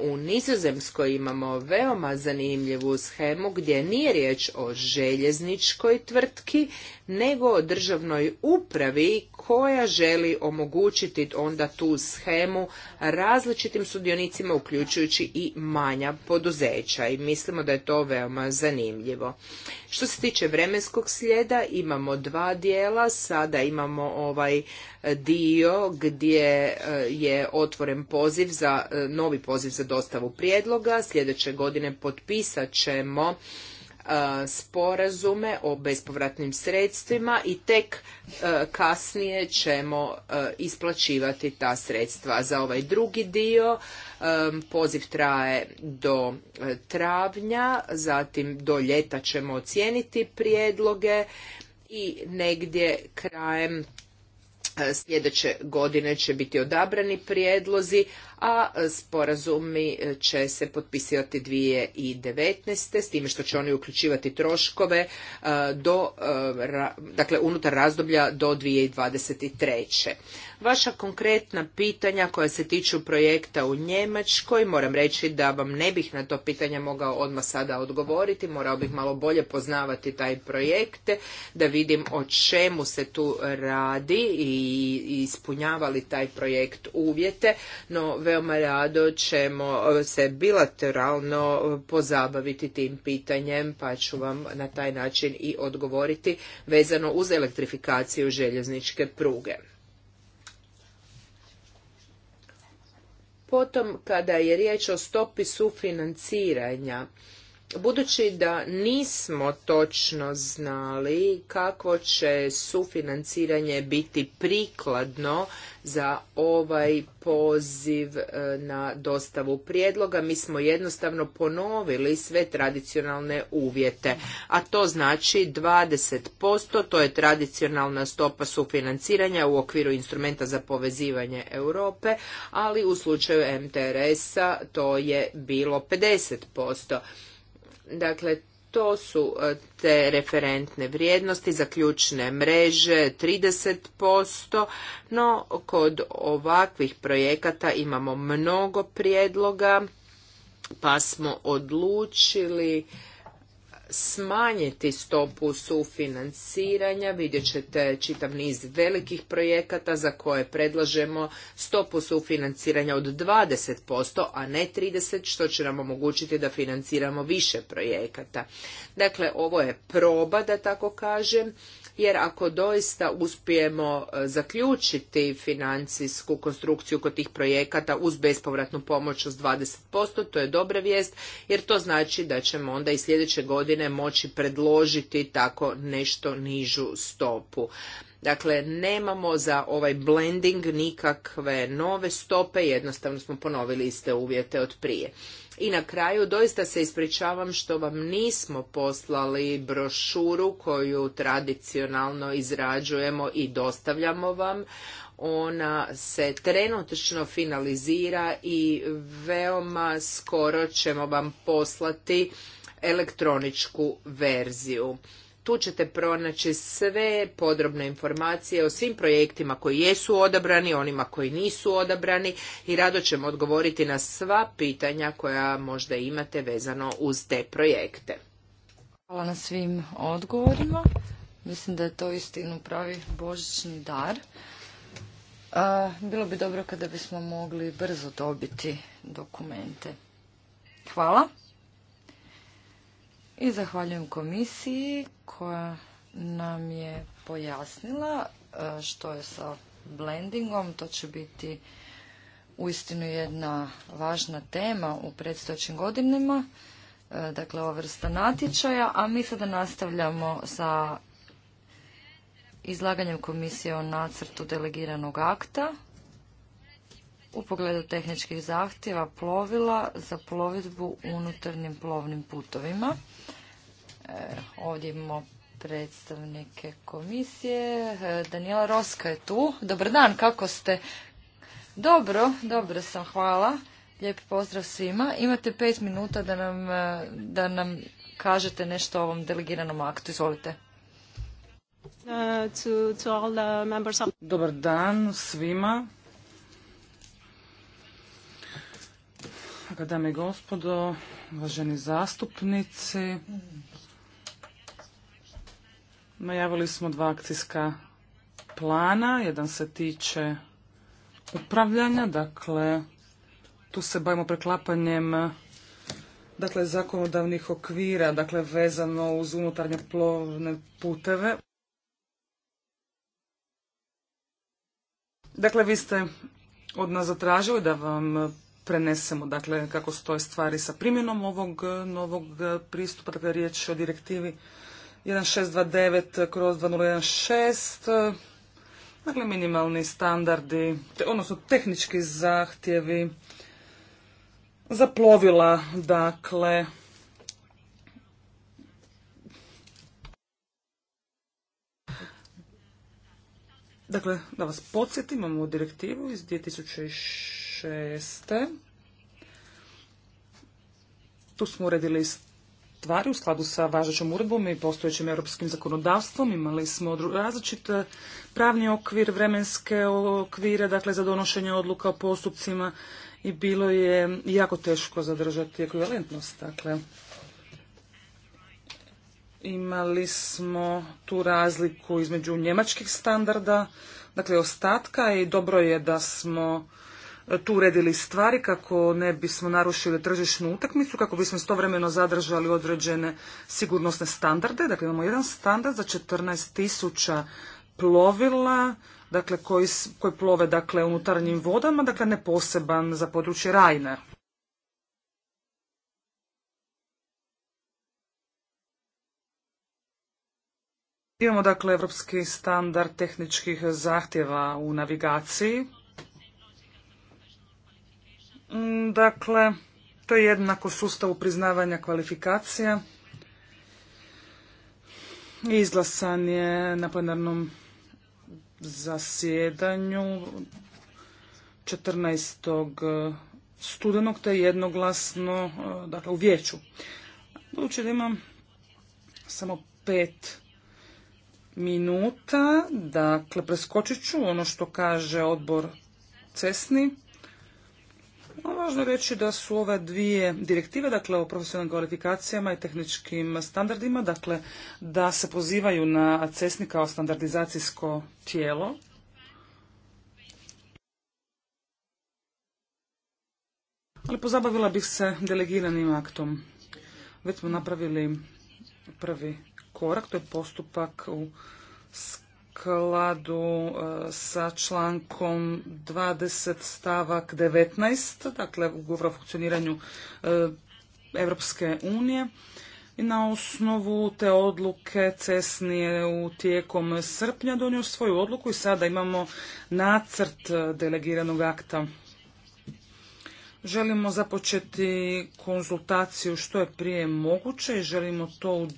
u Nizozemskoj imamo veoma zanimljivu schemu gdje nije riječ o željezničkoj tvrtki, nego o državnoj upravi koja želi omogućiti onda tu schemu različitim sudionicima uključujući i manja poduzeća i mislimo da je to veoma zanimljivo. Što se tiče vremenskog slijeda imamo dva dijela, sada imamo ovaj dio gdje eh, je otvoren poziv za eh, novi poziv za dostavu prijedloga, sljedeće godine potpisat ćemo E, sporazume o bespovratnim sredstvima i tek e, kasnije ćemo e, isplaćivati ta sredstva. Za ovaj drugi dio poziv traje do travnja, zatim do ljeta ćemo ocijeniti prijedloge i negdje krajem sljedeće godine će biti odabrani prijedlozi, a sporazumi e, će se potpisivati 2019. s time što će oni uključivati troškove e, do, e, dakle, unutar razdoblja do 2023. Vaša konkretna pitanja koja se tiču projekta u Njemačkoj, moram reći da vam ne bih na to pitanje mogao odmah sada odgovoriti, morao bih malo bolje poznavati taj projekt, da vidim o čemu se tu radi i ispunjavali taj projekt uvjete, no veoma rado ćemo e, se bilateralno pozabaviti tim pitanjem, pa ću vam na taj način i odgovoriti vezano uz elektrifikaciju željezničke pruge. Potom, kada je riječ o stopi sufinanciranja, Budući da nismo točno znali kako će sufinanciranje biti prikladno za ovaj poziv e, na dostavu prijedloga, mi smo jednostavno ponovili sve tradicionalne uvjete, a to znači 20%, to je tradicionalna stopa sufinanciranja u okviru instrumenta za povezivanje Europe, ali u slučaju MTRS-a to je bilo 50%. Dakle, to su e, te referentne vrijednosti za ključne mreže 30%, no kod ovakvih projekata imamo mnogo prijedloga, pa smo odlučili smanjiti stopu sufinanciranja, vidjet ćete čitav niz velikih projekata za koje predlažemo stopu sufinanciranja od 20%, a ne 30%, što će nam omogućiti da financiramo više projekata. Dakle, ovo je proba, da tako kažem, jer ako doista uspijemo e, zaključiti financijsku konstrukciju kod tih projekata uz bespovratnu pomoć uz 20%, to je dobra vijest, jer to znači da ćemo onda i sljedeće godine moći predložiti tako nešto nižu stopu. Dakle, nemamo za ovaj blending nikakve nove stope, jednostavno smo ponovili iste uvjete od prije. I na kraju doista se ispričavam što vam nismo poslali brošuru koju tradicionalno izrađujemo i dostavljamo vam. Ona se trenutno finalizira i veoma skoro ćemo vam poslati elektroničku verziju. Tu ćete pronaći sve podrobne informacije o svim projektima koji jesu odabrani, onima koji nisu odabrani i rado ćemo odgovoriti na sva pitanja koja možda imate vezano uz te projekte. Hvala na svim odgovorima. Mislim da je to istinu pravi božićni dar. Bilo bi dobro kada bismo mogli brzo dobiti dokumente. Hvala. I zahvaljujem komisiji koja nam je pojasnila e, što je sa blendingom. To će biti uistinu jedna važna tema u predstojećim godinama. E, dakle, ova vrsta natječaja, a mi sada nastavljamo sa izlaganjem komisije o nacrtu delegiranog akta u pogledu tehničkih zahtjeva plovila za plovidbu unutarnjim plovnim putovima. E, ovdje imamo predstavnike komisije. E, Daniela Roska je tu. Dobar dan, kako ste? Dobro, dobro sam, hvala. Lijep pozdrav svima. Imate pet minuta da nam, e, da nam kažete nešto o ovom delegiranom aktu. Izvolite. Dobar dan svima. Dakle, dame i gospodo, uvaženi zastupnici, najavili smo dva akcijska plana. Jedan se tiče upravljanja, dakle tu se bavimo preklapanjem dakle zakonodavnih okvira, dakle vezano uz unutarnje plovne puteve. Dakle, vi ste od nas zatražili da vam prenesemo, dakle, kako stoje stvari sa primjenom ovog eh, novog eh, pristupa, dakle, riječ o direktivi 1629 kroz 2016, dakle, minimalni standardi, odnosno tehnički zahtjevi za plovila, dakle, Dakle, da vas podsjetim, imamo direktivu iz 2006. Tu smo uredili stvari u skladu sa važećom uredbom i postojećim europskim zakonodavstvom. Imali smo različit eh, pravni okvir, vremenske okvire, dakle za donošenje odluka o postupcima i bilo je jako teško zadržati ekvivalentnost. Dakle, imali smo tu razliku između njemačkih standarda, dakle ostatka i dobro je da smo tu uredili stvari kako ne bismo narušili tržišnu utakmicu, kako bismo istovremeno zadržali određene sigurnosne standarde. Dakle, imamo jedan standard za 14 tisuća plovila, dakle, koji, koji plove dakle, unutarnjim vodama, dakle, ne poseban za područje Rajne. Imamo dakle evropski standard tehničkih zahtjeva u navigaciji, Mm, dakle, to je jednako sustavu priznavanja kvalifikacija. Izglasan je na plenarnom zasjedanju 14. E, studenog, te jednoglasno e, dakle, u vijeću. Budući da imam samo pet minuta, dakle preskočit ću ono što kaže odbor Cesni. No, važno je reći da su ove dvije direktive, dakle o profesionalnim kvalifikacijama i tehničkim standardima, dakle da se pozivaju na CESNI kao standardizacijsko tijelo, ali pozabavila bih se delegiranim aktom. Već smo napravili prvi korak, to je postupak u skladu e, sa člankom 20 stavak 19, dakle ugovora o funkcioniranju Europske unije. I na osnovu te odluke je u tijekom srpnja donio svoju odluku i sada imamo nacrt delegiranog akta. Želimo započeti konzultaciju što je prije moguće i želimo to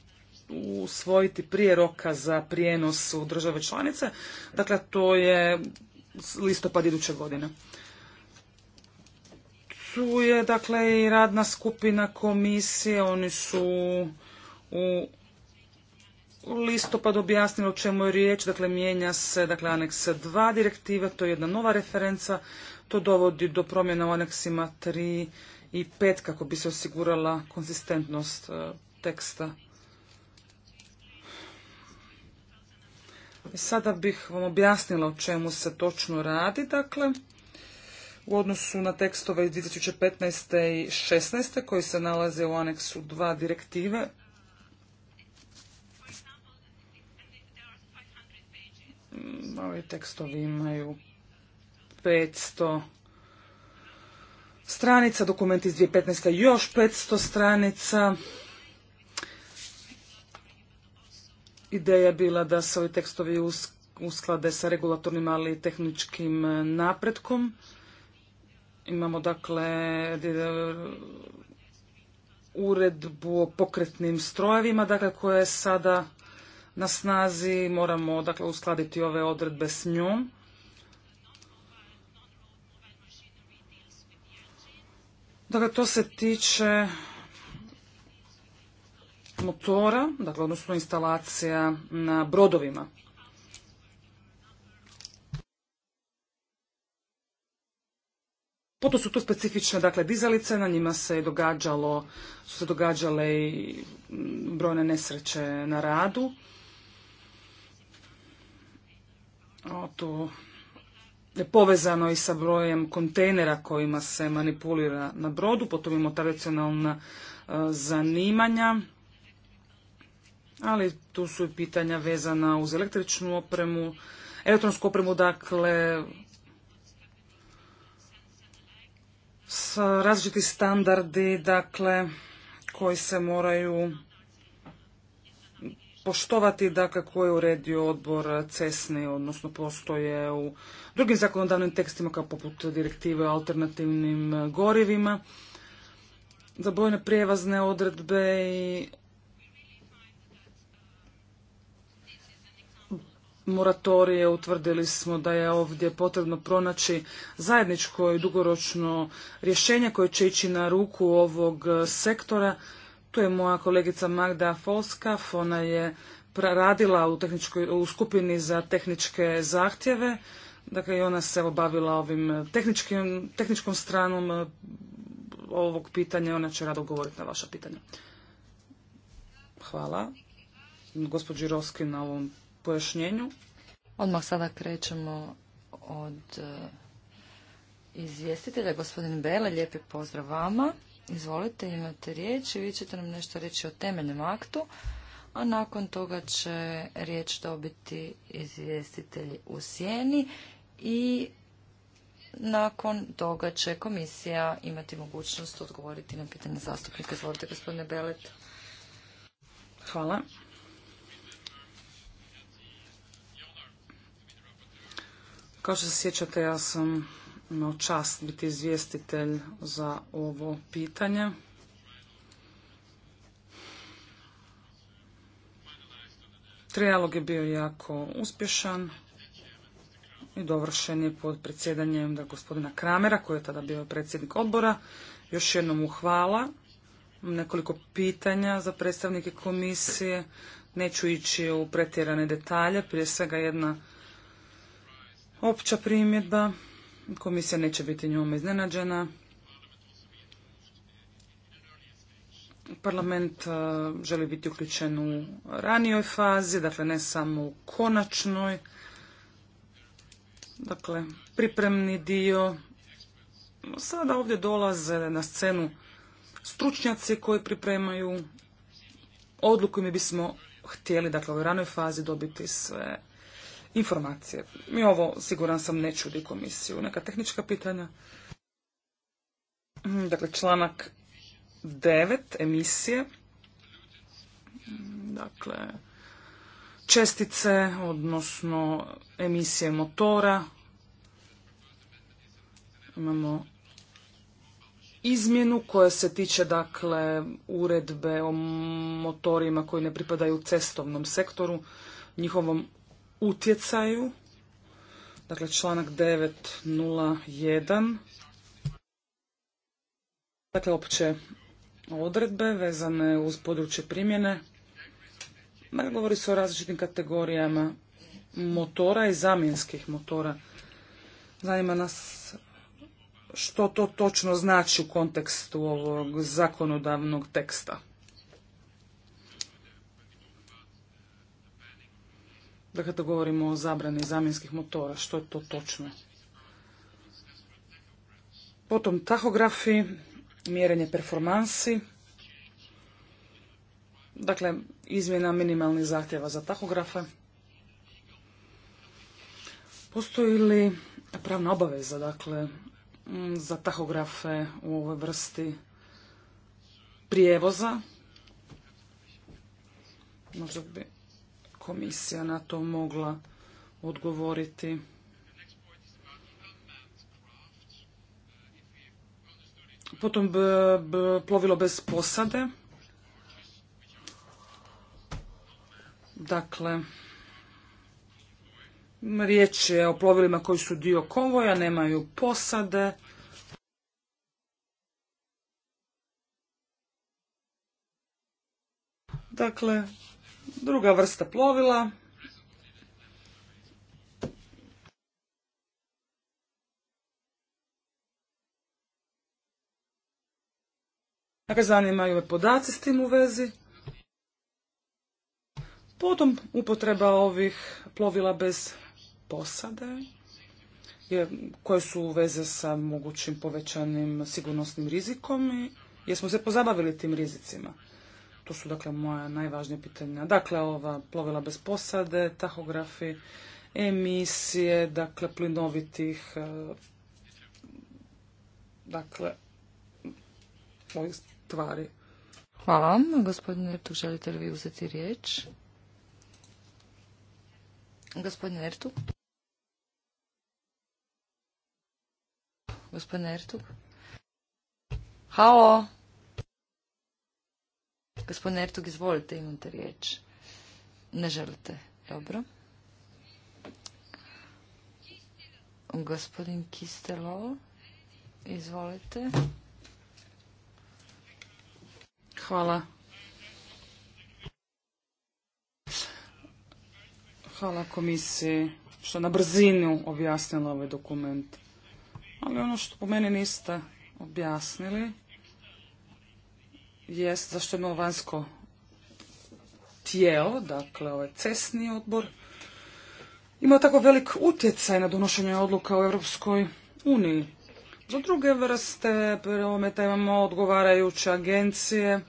usvojiti prije roka za prijenos u države članice. Dakle, to je listopad iduće godine. Tu je, dakle, i radna skupina komisije. Oni su u listopad objasnili o čemu je riječ. Dakle, mijenja se, dakle, aneks 2 direktive. To je jedna nova referenca. To dovodi do promjena u aneksima 3 i 5 kako bi se osigurala konzistentnost e, teksta Sada bih vam objasnila o čemu se točno radi. Dakle, u odnosu na tekstove iz 2015. i 16. koji se nalaze u aneksu 2 direktive, mm, ovi tekstovi imaju 500 stranica, dokument iz 2015. još 500 stranica, Ideja je bila da se ovi tekstovi usklade sa regulatornim, ali i tehničkim e, napretkom. Imamo dakle e, uredbu o pokretnim strojevima, dakle koja je sada na snazi, moramo dakle uskladiti ove odredbe s njom. Dakle, to se tiče motora, dakle odnosno instalacija na brodovima. Potom su to specifične dakle dizalice, na njima se događalo, su se događale i brojne nesreće na radu. O, to je povezano i sa brojem kontejnera kojima se manipulira na brodu, potom imamo tradicionalna e, zanimanja, ali tu su i pitanja vezana uz električnu opremu, elektronsku opremu, dakle, s različiti standardi, dakle, koji se moraju poštovati, dakle, koji je uredio odbor CESNI, odnosno postoje u drugim zakonodavnim tekstima, kao poput direktive o alternativnim gorivima, za bojne prijevazne odredbe i moratorije utvrdili smo da je ovdje potrebno pronaći zajedničko i dugoročno rješenje koje će ići na ruku ovog sektora. Tu je moja kolegica Magda Folska, ona je radila u, tehničkoj, skupini za tehničke zahtjeve, dakle i ona se evo bavila ovim tehničkim, tehničkom stranom eh, ovog pitanja, ona će rado govoriti na vaša pitanja. Hvala gospođi Roski na ovom pojašnjenju. Odmah sada krećemo od e, izvjestitelja, gospodin Bele, lijepi pozdrav vama. Izvolite, imate riječ i vi ćete nam nešto reći o temeljnom aktu, a nakon toga će riječ dobiti izvjestitelji u sjeni i nakon toga će komisija imati mogućnost odgovoriti na pitanje zastupnika. Izvolite, gospodine Belet. Hvala. Kao što se sjećate, ja sam imao čast biti izvjestitelj za ovo pitanje. Trijalog je bio jako uspješan i dovršen je pod predsjedanjem da gospodina Kramera, koji je tada bio predsjednik odbora. Još jednom mu hvala. Nekoliko pitanja za predstavnike komisije. Neću ići u pretjerane detalje. Prije svega jedna opća primjedba. Komisija neće biti njome iznenađena. Parlament e, želi biti uključen u ranijoj fazi, dakle ne samo u konačnoj. Dakle, pripremni dio. Sada ovdje dolaze na scenu stručnjaci koji pripremaju odluku i mi bismo htjeli, dakle u ranoj fazi dobiti sve informacije. Mi ovo, siguran sam, ne čudi komisiju. Neka tehnička pitanja. Mm, dakle, članak 9, emisije. Mm, dakle, čestice, odnosno emisije motora. Imamo izmjenu koja se tiče dakle uredbe o motorima koji ne pripadaju cestovnom sektoru, njihovom utjecaju, dakle članak 9.01, dakle opće odredbe vezane uz područje primjene, dakle govori se o različitim kategorijama motora i zamjenskih motora. Zanima nas što to točno znači u kontekstu ovog zakonodavnog teksta. Dakle, da govorimo o zabrani zamjenskih motora. Što je to točno? Potom tahografi, mjerenje performansi. Dakle, izmjena minimalnih zahtjeva za tahografe. Postoji li pravna obaveza, dakle, za tahografe u ovoj vrsti prijevoza? Možda bi komisija na to mogla odgovoriti. Potom b, plovilo bez posade. Dakle, riječ je o plovilima koji su dio konvoja, nemaju posade. Dakle, druga vrsta plovila. Dakle, zanimaju me podaci s tim u vezi. Potom upotreba ovih plovila bez posade, koje su u veze sa mogućim povećanim sigurnosnim rizikom i jesmo se pozabavili tim rizicima. To su dakle moja najvažnija pitanja. Dakle, ova plovila bez posade, tahografi, emisije, dakle, plinovitih, eh, dakle, ovih stvari. Hvala vam. Gospodine Ertug, želite li vi uzeti riječ? Gospodine Ertug? Gospodine Ertug? Halo? Gospodine Ertug, izvolite, imate riječ. Ne želite. Dobro. Gospodin Kistelo, izvolite. Hvala. Hvala komisiji što na brzinu objasnila ovaj dokument. Ali ono što po meni niste objasnili jest zašto imamo vanjsko tijelo, dakle ovaj cesni odbor, imao tako velik utjecaj na donošenje odluka u Europskoj uniji. Za druge vrste prometa imamo odgovarajuće agencije.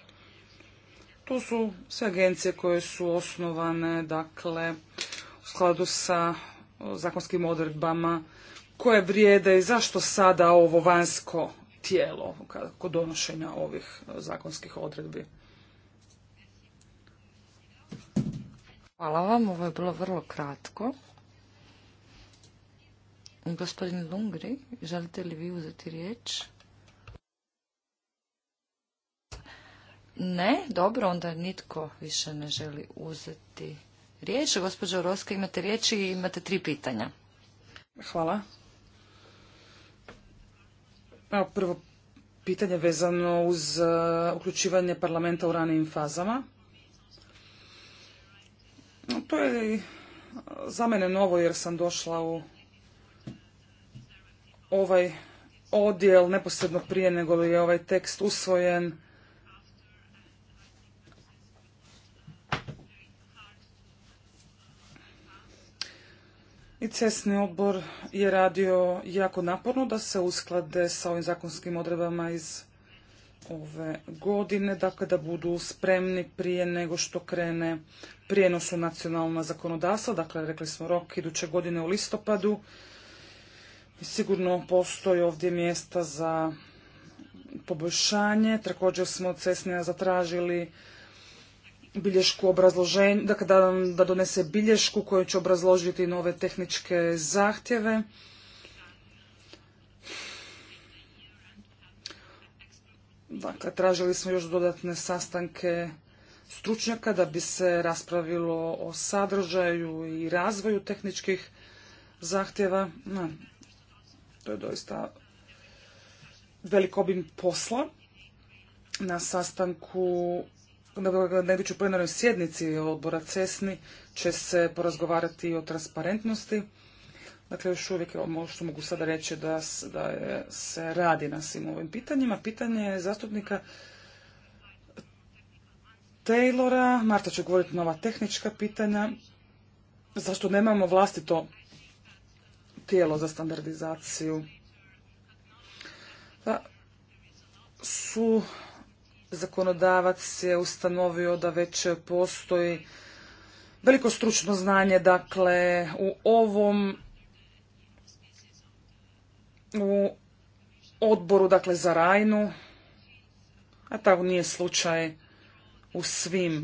To su sve agencije koje su osnovane, dakle, u skladu sa eh, zakonskim odredbama koje vrijede i zašto sada ovo vanjsko tijelo kod donošenja ovih e, zakonskih odredbi. Hvala vam, ovo je bilo vrlo kratko. Gospodin Lungri, želite li vi uzeti riječ? Ne, dobro, onda nitko više ne želi uzeti riječ. Gospođo Roska, imate riječ i imate tri pitanja. Hvala prvo pitanje vezano uz e, uključivanje parlamenta u ranijim fazama. No, to je e, za mene novo jer sam došla u ovaj odjel neposredno prije nego li je ovaj tekst usvojen i cesni odbor je radio jako naporno da se usklade sa ovim zakonskim odredbama iz ove godine, dakle da budu spremni prije nego što krene prijenos u nacionalna zakonodavstva, dakle rekli smo rok iduće godine u listopadu. I sigurno postoji ovdje mjesta za poboljšanje. Također smo od Cesnija zatražili bilješku obrazloženja, dakle da, da donese bilješku koju će obrazložiti nove tehničke zahtjeve. Dakle, tražili smo još dodatne sastanke stručnjaka da bi se raspravilo o sadržaju i razvoju tehničkih zahtjeva. to je doista velik obim posla. Na sastanku na u plenarnoj sjednici odbora CESNI će se porazgovarati o transparentnosti. Dakle, još uvijek ono što mogu sada reći da, da se radi na svim ovim pitanjima. Pitanje zastupnika Taylora. Marta će govoriti nova tehnička pitanja. Zašto nemamo vlastito tijelo za standardizaciju? Da pa, su zakonodavac je ustanovio da već postoji veliko stručno znanje, dakle, u ovom u odboru, dakle, za Rajnu, a tako nije slučaj u svim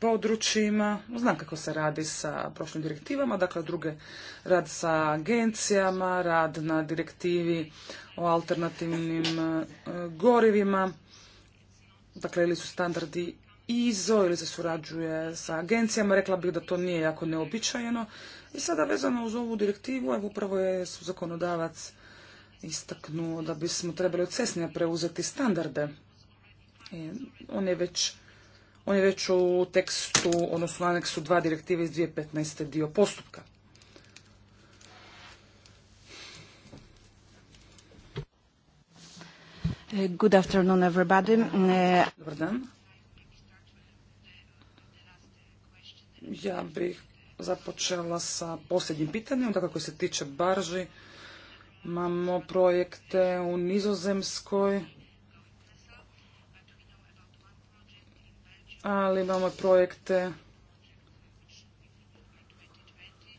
područjima. Znam kako se radi sa prošlim direktivama, dakle druge rad sa agencijama, rad na direktivi o alternativnim e, gorivima, dakle ili su standardi IZO ili se surađuje sa agencijama. Rekla bih da to nije jako neobičajeno. I sada vezano uz ovu direktivu, evo upravo je zakonodavac istaknuo da bismo trebali od preuzeti standarde. I on je već on je već u tekstu, odnosno aneksu 2 direktive iz 2015. dio postupka. Good afternoon everybody. Dobar dan. Ja bih započela sa posljednjim pitanjem, dakle koji se tiče barži. Imamo projekte u Nizozemskoj, ali imamo projekte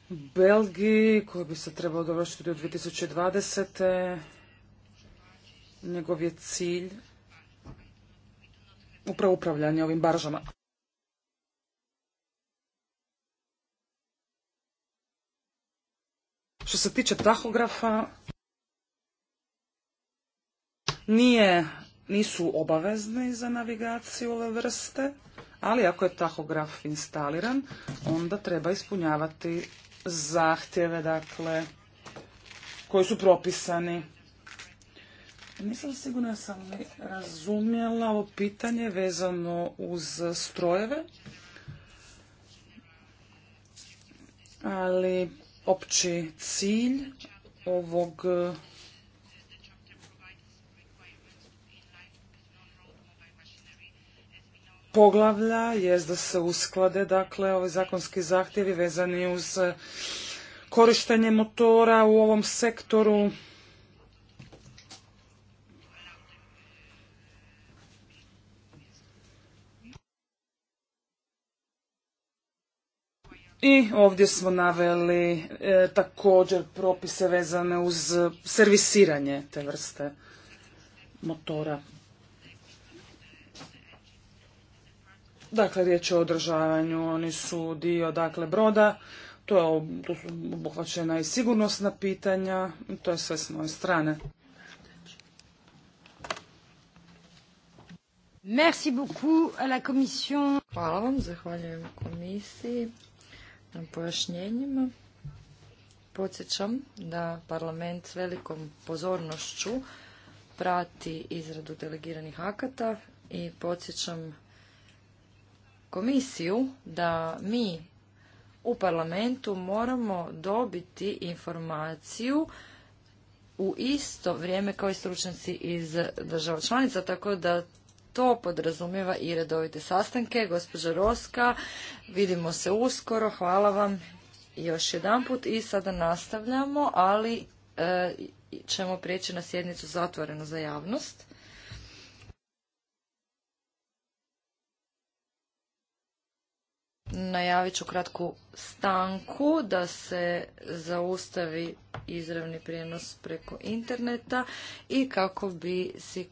u Belgiji koji bi se trebao dovršiti do 2020. Njegov je cilj upravo upravljanje ovim baržama. Što se tiče tahografa, nije, nisu obavezni za navigaciju ove vrste ali ako je tahograf instaliran, onda treba ispunjavati zahtjeve, dakle, koji su propisani. Nisam sigurna sam li razumjela ovo pitanje vezano uz strojeve, ali opći cilj ovog poglavlja je da se usklade dakle ovi zakonski zahtjevi vezani uz e, korištenje motora u ovom sektoru. I ovdje smo naveli e, također propise vezane uz servisiranje te vrste motora. Dakle, riječ je o održavanju, oni su dio dakle, broda, to, je, obuhvaćena i sigurnosna pitanja, to je sve s moje strane. Merci beaucoup à la commission. Hvala vam, zahvaljujem komisiji na pojašnjenjima. Podsjećam da parlament s velikom pozornošću prati izradu delegiranih akata i podsjećam komisiju da mi u parlamentu moramo dobiti informaciju u isto vrijeme kao i stručnjaci iz država članica, tako da to podrazumijeva i redovite sastanke. Gospođa Roska, vidimo se uskoro, hvala vam još jedanput i sada nastavljamo, ali e, ćemo prijeći na sjednicu zatvorenu za javnost. najavit ću kratku stanku da se zaustavi izravni prijenos preko interneta i kako bi si